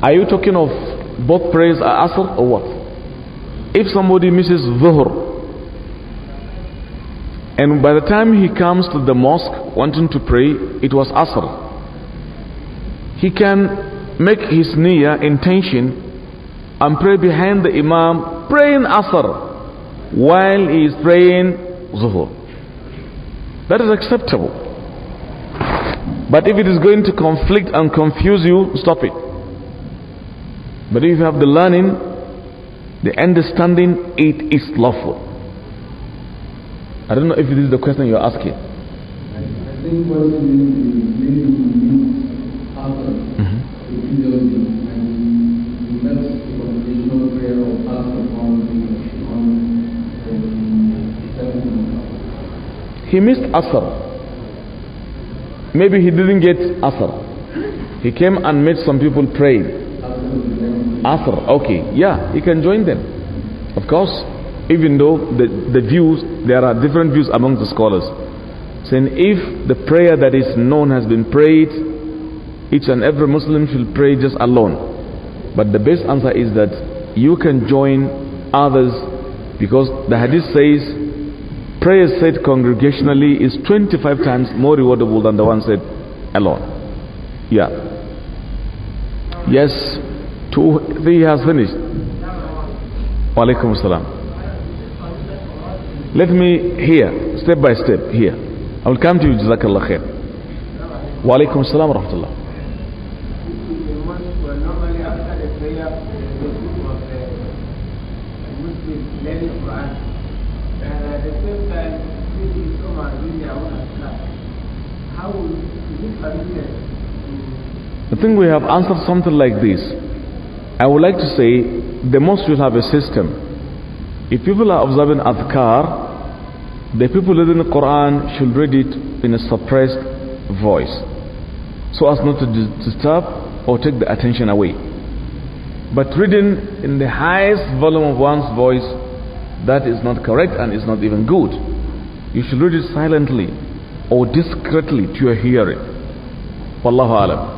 Are you talking of both prayers are Asr or what? If somebody misses Dhuhr, and by the time he comes to the mosque wanting to pray, it was Asr. He can make his niyyah, intention, and pray behind the Imam, praying Asr while he is praying Zuhur. That is acceptable. But if it is going to conflict and confuse you, stop it. But if you have the learning, the understanding, it is lawful. I don't know if this is the question you're asking. I think what you mean after the video he missed Asr. Maybe he didn't get Asr. He came and made some people pray. Asr, okay, yeah, you can join them. Of course, even though the, the views, there are different views among the scholars. Saying if the prayer that is known has been prayed, each and every Muslim should pray just alone. But the best answer is that you can join others because the hadith says prayer said congregationally is 25 times more rewardable than the one said alone. Yeah. Yes. Two, three has finished. Walaikum salam. Let me hear, step by step, here. I will come to you, Jazakallah khair. Walaikum salam wa rahmatullah. I think we have answered something like this. I would like to say the mosque should have a system. If people are observing adhkar, the people reading the Quran should read it in a suppressed voice so as not to disturb or take the attention away. But reading in the highest volume of one's voice, that is not correct and is not even good. You should read it silently or discreetly to your hearing. Wallahu alam.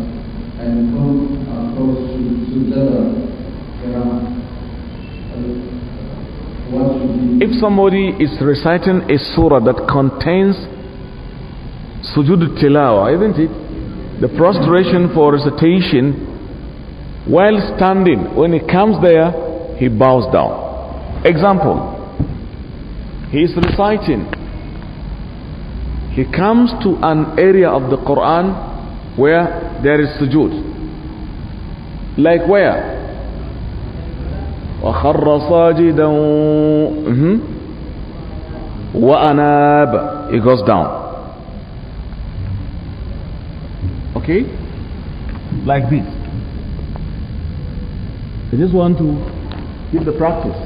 and to, there are uh, if somebody is reciting a surah that contains sujood tilawa, isn't it? The prostration for recitation while standing, when he comes there, he bows down. Example, he is reciting. He comes to an area of the Quran where there is sujood. Like where? وخر صاجدا وأناب it goes down okay like this I just want to give the practice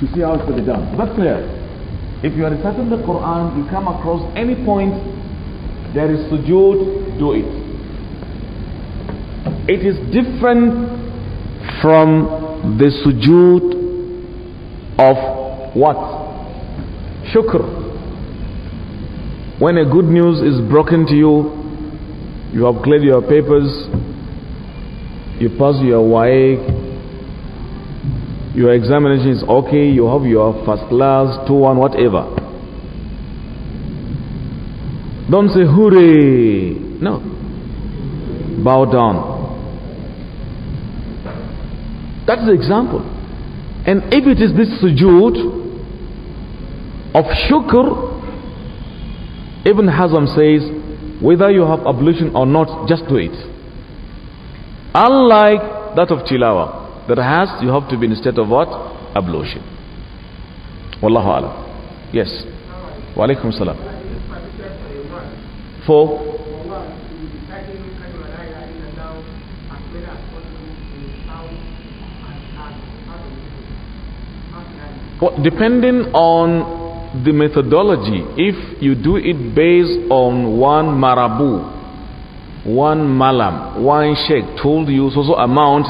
to see how it's going to be done but clear if you are reciting the Quran you come across any point there is sujood do it it is different from the sujood of what? Shukr. When a good news is broken to you, you have cleared your papers, you pass your WAEC, your examination is okay, you have your first class, 2 1, whatever. Don't say hooray. No. Bow down. That is the example. And if it is this sujood of shukr, Ibn Hazm says, whether you have ablution or not, just do it. Unlike that of tilawa, that has, you have to be in a state of what? Ablution. Wallahu alam. Yes. Wa alaikum salam. For depending on the methodology, if you do it based on one marabu, one malam, one sheikh told you so so amount,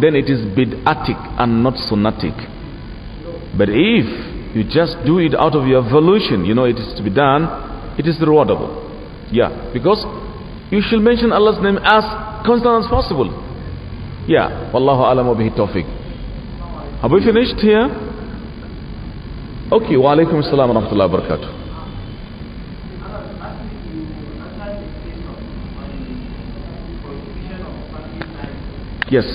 then it is bid'atic and not sunnatic. But if you just do it out of your volition, you know it is to be done, it is rewardable. Yeah, because you should mention Allah's name as constant as possible. Yeah, Wallahu alamu bihi tawfiq. Have we finished here? Okay, wa alaikum assalam wa rahmatullahi wa barakatuh. Yes.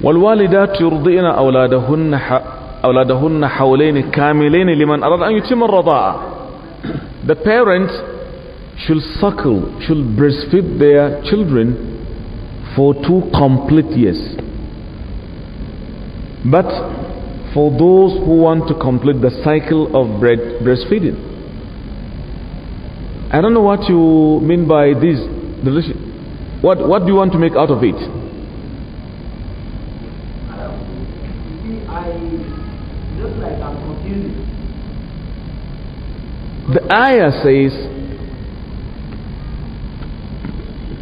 والوالدات يرضئن أولادهن أولادهن حولين كاملين لمن أراد أن يتم الرضاعة the parents should suckle should breastfeed their children for two complete years but for those who want to complete the cycle of breastfeeding I don't know what you mean by this what, what do you want to make out of it The ayah says,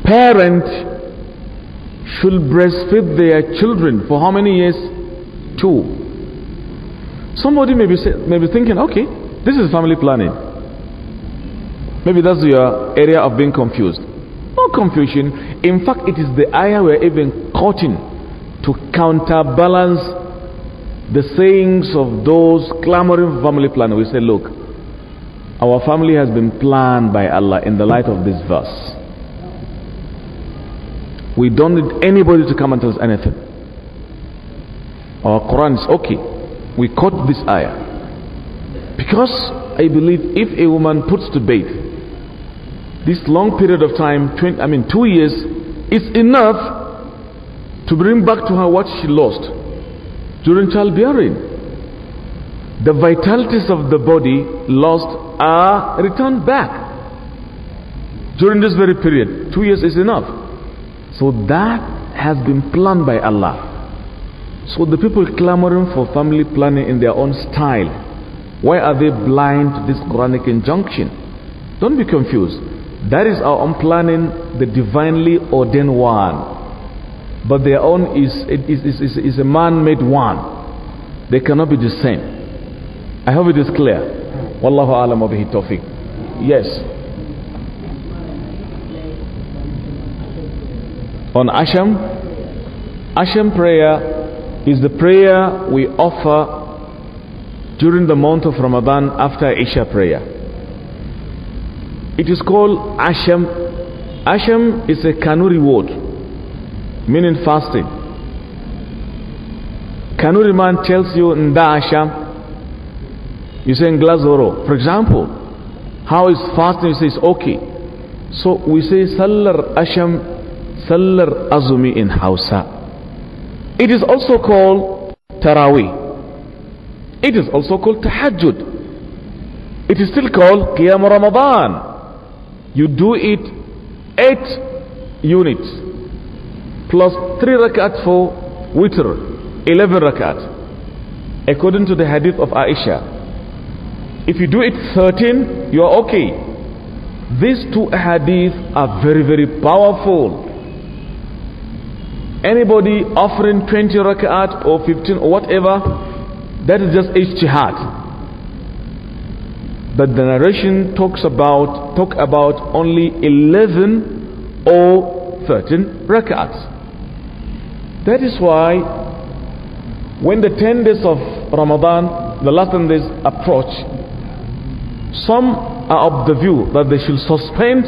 "Parent should breastfeed their children for how many years? Two. Somebody may be, may be thinking, okay, this is family planning. Maybe that's your area of being confused. No confusion. In fact, it is the ayah we're even quoting to counterbalance the sayings of those clamoring family plan. We say, look, our family has been planned by Allah in the light of this verse. We don't need anybody to come and tell us anything. Our Quran is okay. We quote this ayah. Because I believe if a woman puts to bed this long period of time, 20, I mean two years, is enough to bring back to her what she lost during childbearing. The vitalities of the body lost are returned back during this very period. Two years is enough. So that has been planned by Allah. So the people clamoring for family planning in their own style, why are they blind to this Quranic injunction? Don't be confused. That is our own planning, the divinely ordained one but their own is, is, is, is, is a man made one. They cannot be the same. I hope it is clear. Wallahu alam bihi tawfiq. Yes. On Asham, Asham prayer is the prayer we offer during the month of Ramadan after Isha prayer. It is called Asham. Asham is a Kanuri word meaning fasting. Kanuri man tells you in Daasha, you say in Glazoro, for example, how is fasting? You say it's okay. So we say Sallar Asham, Sallar Azumi in Hausa. It is also called Taraweeh. It is also called Tahajjud. It is still called Qiyam Ramadan. You do it eight units plus 3 rakat for witr 11 rakat according to the hadith of Aisha if you do it 13 you are okay these two hadith are very very powerful anybody offering 20 rakat or 15 or whatever that is just ijtihad but the narration talks about talk about only 11 or 13 rakats that is why when the 10 days of Ramadan, the last 10 days approach, some are of the view that they should suspend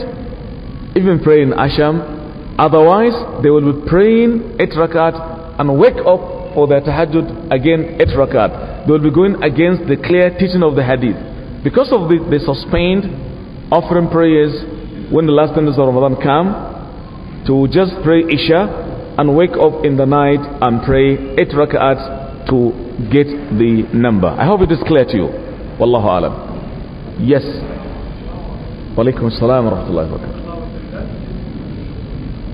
even praying Asham. Otherwise, they will be praying 8 rakat and wake up for their tahajjud again 8 rakat. They will be going against the clear teaching of the hadith. Because of this, they suspend offering prayers when the last 10 days of Ramadan come to just pray Isha and wake up in the night and pray eight rak'ats to get the number. I hope it is clear to you. Wallahu alam. Yes. Wa alaikum assalam wa rahmatullahi wa barakatuh.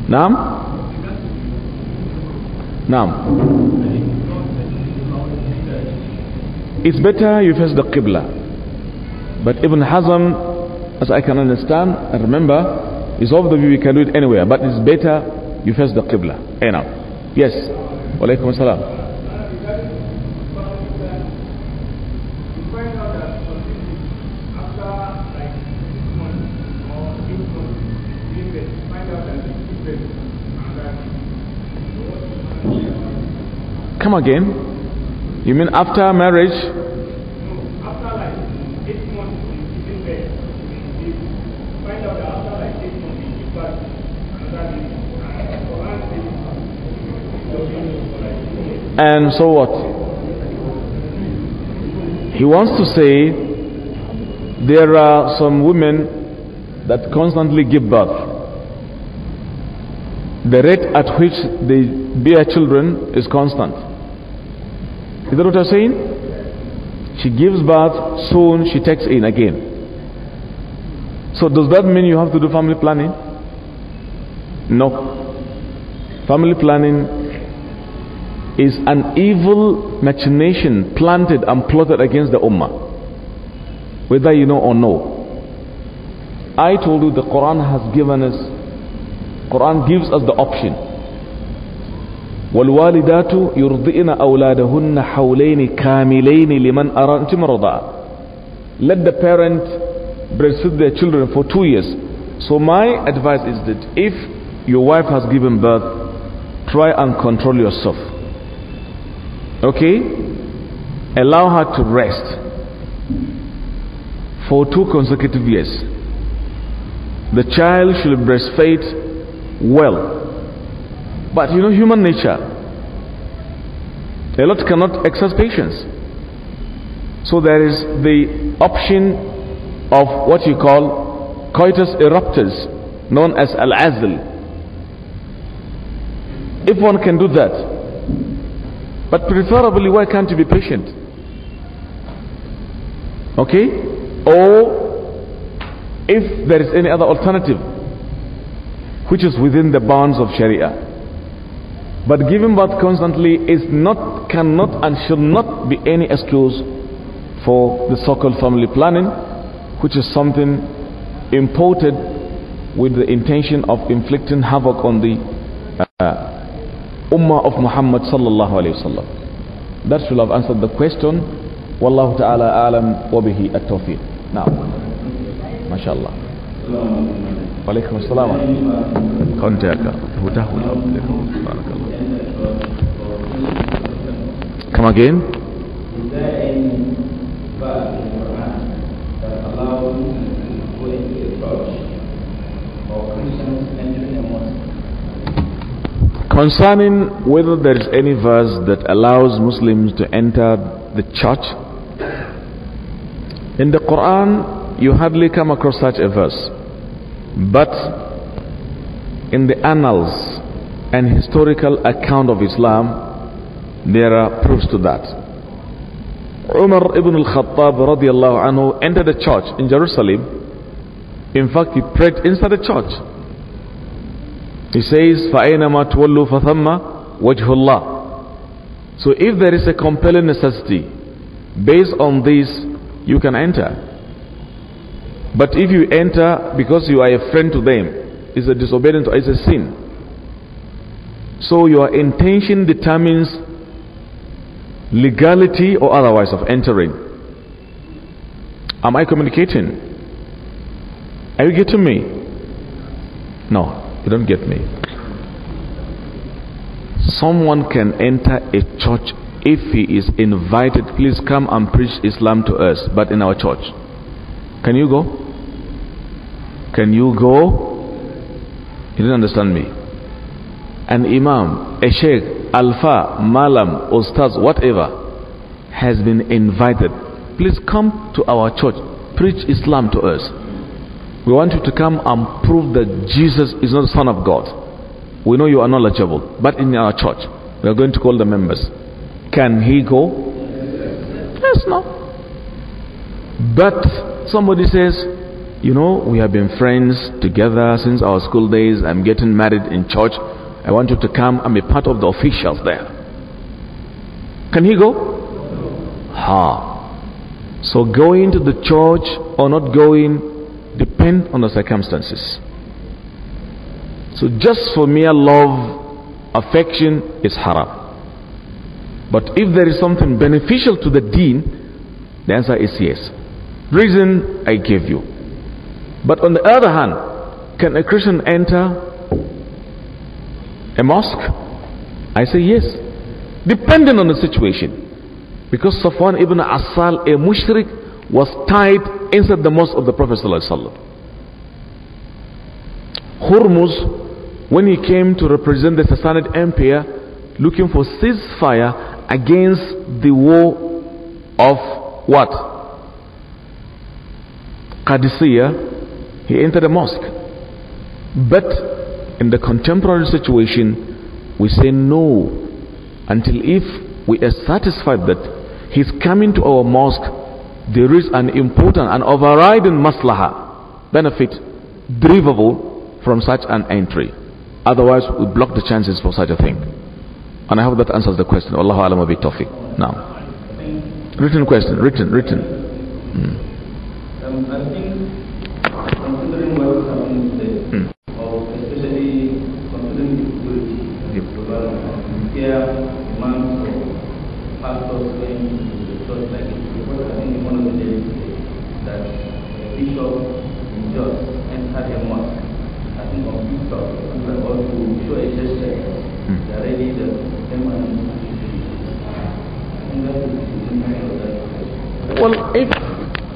Naam? Naam. It's better you face the Qibla. But Ibn Hazm, as I can understand and remember, is of the view we can do it anywhere. But it's better you face the Qibla. Hey now. Yes. Walaikum salam. Come again? You mean after marriage? And so what? He wants to say there are some women that constantly give birth. The rate at which they bear children is constant. Is that what I'm saying? She gives birth, soon she takes in again. So does that mean you have to do family planning? No. Family planning is an evil machination planted and plotted against the Ummah, whether you know or no. I told you the Quran has given us, Quran gives us the option. والوالدات يرضئن أولادهن حولين كاملين لمن أراد رضاء let the parent breastfeed their children for two years. So my advice is that if your wife has given birth, try and control yourself. Okay? Allow her to rest for two consecutive years. The child should breastfeed well. But you know, human nature, a lot cannot exercise patience. So there is the option of what you call coitus eruptus, known as al azl. If one can do that, but preferably, why can't you be patient? Okay? Or if there is any other alternative, which is within the bounds of Sharia. But giving birth constantly is not, cannot, and should not be any excuse for the so-called family planning, which is something imported with the intention of inflicting havoc on the uh, Ummah of Muhammad sallallahu alayhi wasallam. That should have answered the question. Wallahu ta'ala alam wa bihi at tawfiq. Now, mashallah. وعليكم السلام كنت هداه بارك الله come again Christians entering Concerning whether there is any verse that allows Muslims to enter the church, in the Quran you hardly come across such a verse. But in the annals and historical account of Islam, there are proofs to that. Umar ibn al-Khattab radiallahu anhu entered a church in Jerusalem. In fact, he prayed inside the church. He says, فَأَيْنَمَا تُوَلُّوا فَثَمَّ وَجْهُ اللَّهِ So if there is a compelling necessity, based on this, you can enter. But if you enter because you are a friend to them, it's a disobedience, it's a sin. So your intention determines legality or otherwise of entering. Am I communicating? Are you getting me? No. You don't get me. Someone can enter a church if he is invited, please come and preach Islam to us, but in our church. Can you go? Can you go? You didn't understand me. An imam, a sheikh, alfa, malam, ustaz, whatever has been invited. Please come to our church, preach Islam to us. We want you to come and prove that Jesus is not the Son of God. We know you are knowledgeable, but in our church, we are going to call the members. Can he go? Yes, no. But somebody says, you know, we have been friends together since our school days. I'm getting married in church. I want you to come and be part of the officials there. Can he go? Ha. So going to the church or not going depend on the circumstances. So just for mere love, affection is haram. But if there is something beneficial to the deen, the answer is yes. Reason I gave you. But on the other hand, can a Christian enter a mosque? I say yes. Depending on the situation. Because Safwan ibn Asal, a mushrik, was tied inside the mosque of the Prophet ﷺ. Hormuz, when he came to represent the Sassanid Empire, looking for ceasefire against the war of what? Qadisiyah, he entered a mosque. But in the contemporary situation, we say no until if we are satisfied that he's coming to our mosque there is an important and overriding maslaha benefit derivable from such an entry. Otherwise, we block the chances for such a thing. And I hope that answers the question. Allahu alam bi tawfiq. Now, written question, written, written. Mm.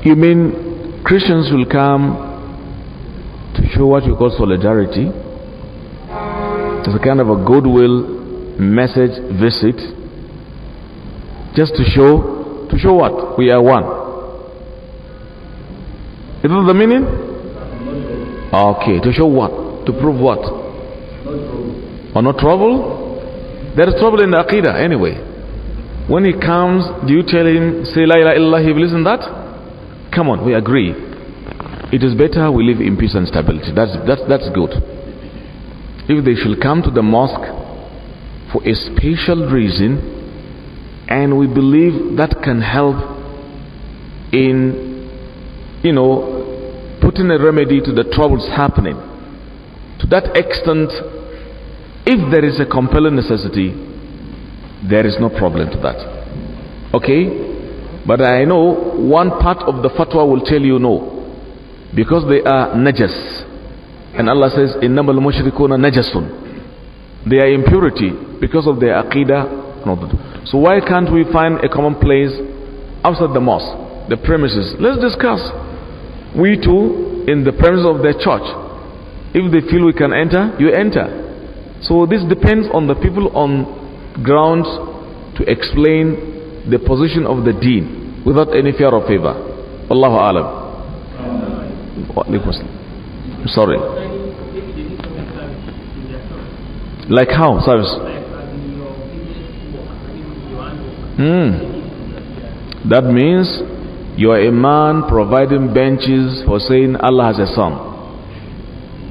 You mean Christians will come to show what you call solidarity? It's a kind of a goodwill message visit just to show to show what we are one is that the meaning okay to show what to prove what or trouble there is trouble in the aqidah anyway when he comes do you tell him say la ilaha illallah he believes in that Come on, we agree. It is better we live in peace and stability. That's, that's, that's good. If they shall come to the mosque for a special reason, and we believe that can help in, you know, putting a remedy to the troubles happening. To that extent, if there is a compelling necessity, there is no problem to that. Okay? But I know one part of the fatwa will tell you no. Because they are najas. And Allah says, إِنَّمَا الْمُشْرِكُونَ najasun. They are impurity because of their aqidah. So why can't we find a common place outside the mosque, the premises? Let's discuss. We too, in the premises of the church, if they feel we can enter, you enter. So this depends on the people on ground to explain the position of the deen without any fear or favor. Allahu Alam. I'm sorry. Like how? Service. Hmm. That means you are a man providing benches for saying Allah has a son.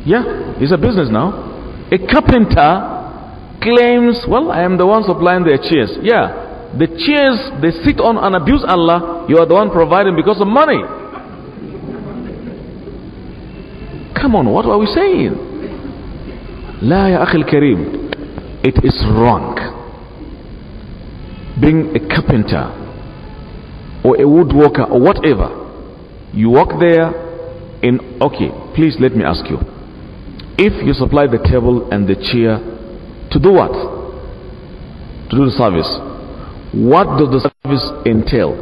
Yeah, it's a business now. A carpenter claims, well, I am the one supplying their chairs. Yeah, the chairs they sit on and abuse Allah, you are the one providing because of money. Come on, what are we saying? لا يا أخي الكريم it is wrong being a carpenter or a woodworker or whatever you work there in okay please let me ask you if you supply the table and the chair to do what to do the service what does the service entail?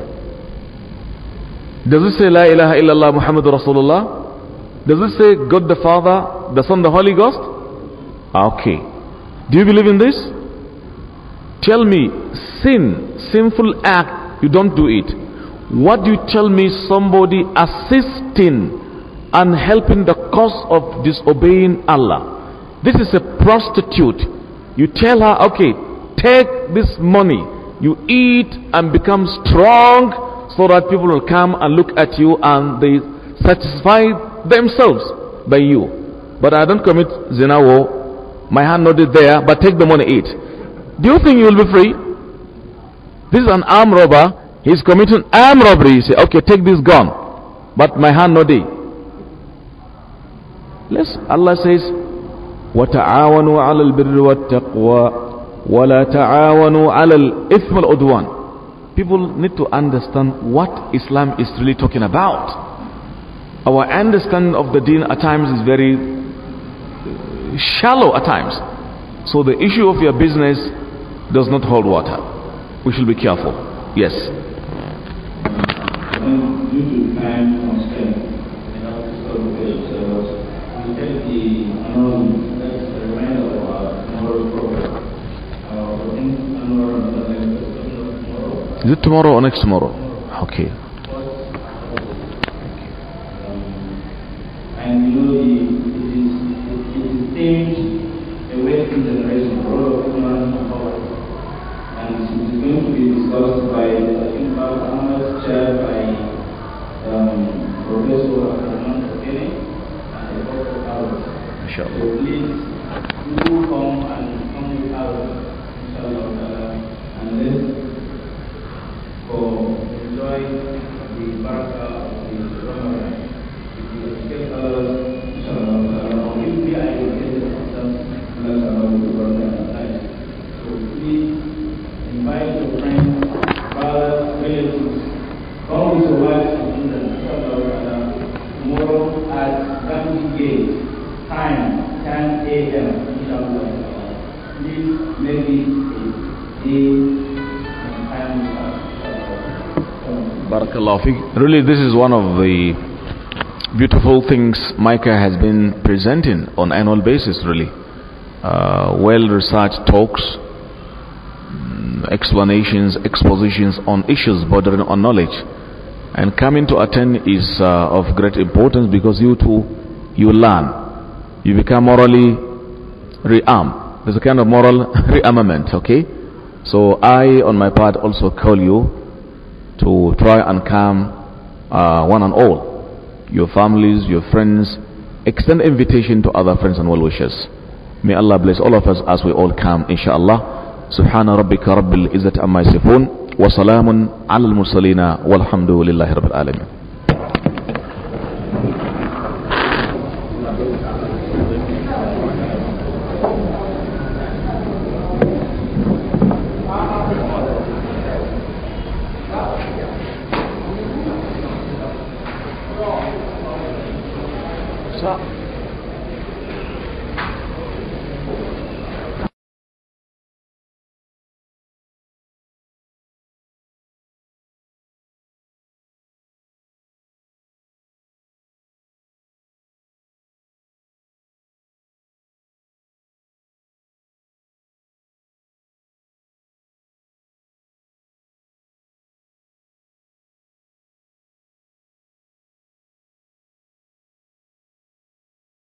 Does it say La ilaha illallah Muhammad Rasulullah? Does it say God the Father, the Son, the Holy Ghost? Ah, okay. Do you believe in this? Tell me, sin, sinful act, you don't do it. What do you tell me somebody assisting and helping the cause of disobeying Allah? This is a prostitute. You tell her, okay, take this money you eat and become strong so that people will come and look at you and they satisfy themselves by you. But I don't commit zina My hand not is there, but take the money, eat. Do you think you will be free? This is an armed robber. He's committing armed robbery. You say, okay, take this gun, but my hand not there. Let's, Allah says, وَتَعَاوَنُوا عَلَى الْبِرِّ وَالتَّقْوَى وَلَا تَعَاوَنُوا عَلَى الْإِثْمِ People need to understand what Islam is really talking about. Our understanding of the deen at times is very shallow at times. So the issue of your business does not hold water. We should be careful. Yes. Is it tomorrow or next tomorrow? Okay. And you it is, and it is going to be discussed by, I think, Ahmed's by um, Professor Armand Kene and So please, do come and come with us, inshallah, and let's baik di barakah Tawfiq. Really, this is one of the beautiful things Micah has been presenting on annual basis, really. Uh, well-researched talks, mm, explanations, expositions on issues bordering on knowledge. And coming to attend is uh, of great importance because you too, you learn. You become morally rearmed. There's a kind of moral rearmament, okay? So I, on my part, also call you to try and calm uh, one and all, your families, your friends. Extend invitation to other friends and well wishers. May Allah bless all of us as we all come, inshallah. سبحان ربك رب العزة عما wa Salamun al المرسلين والحمد لله rabbil العالمين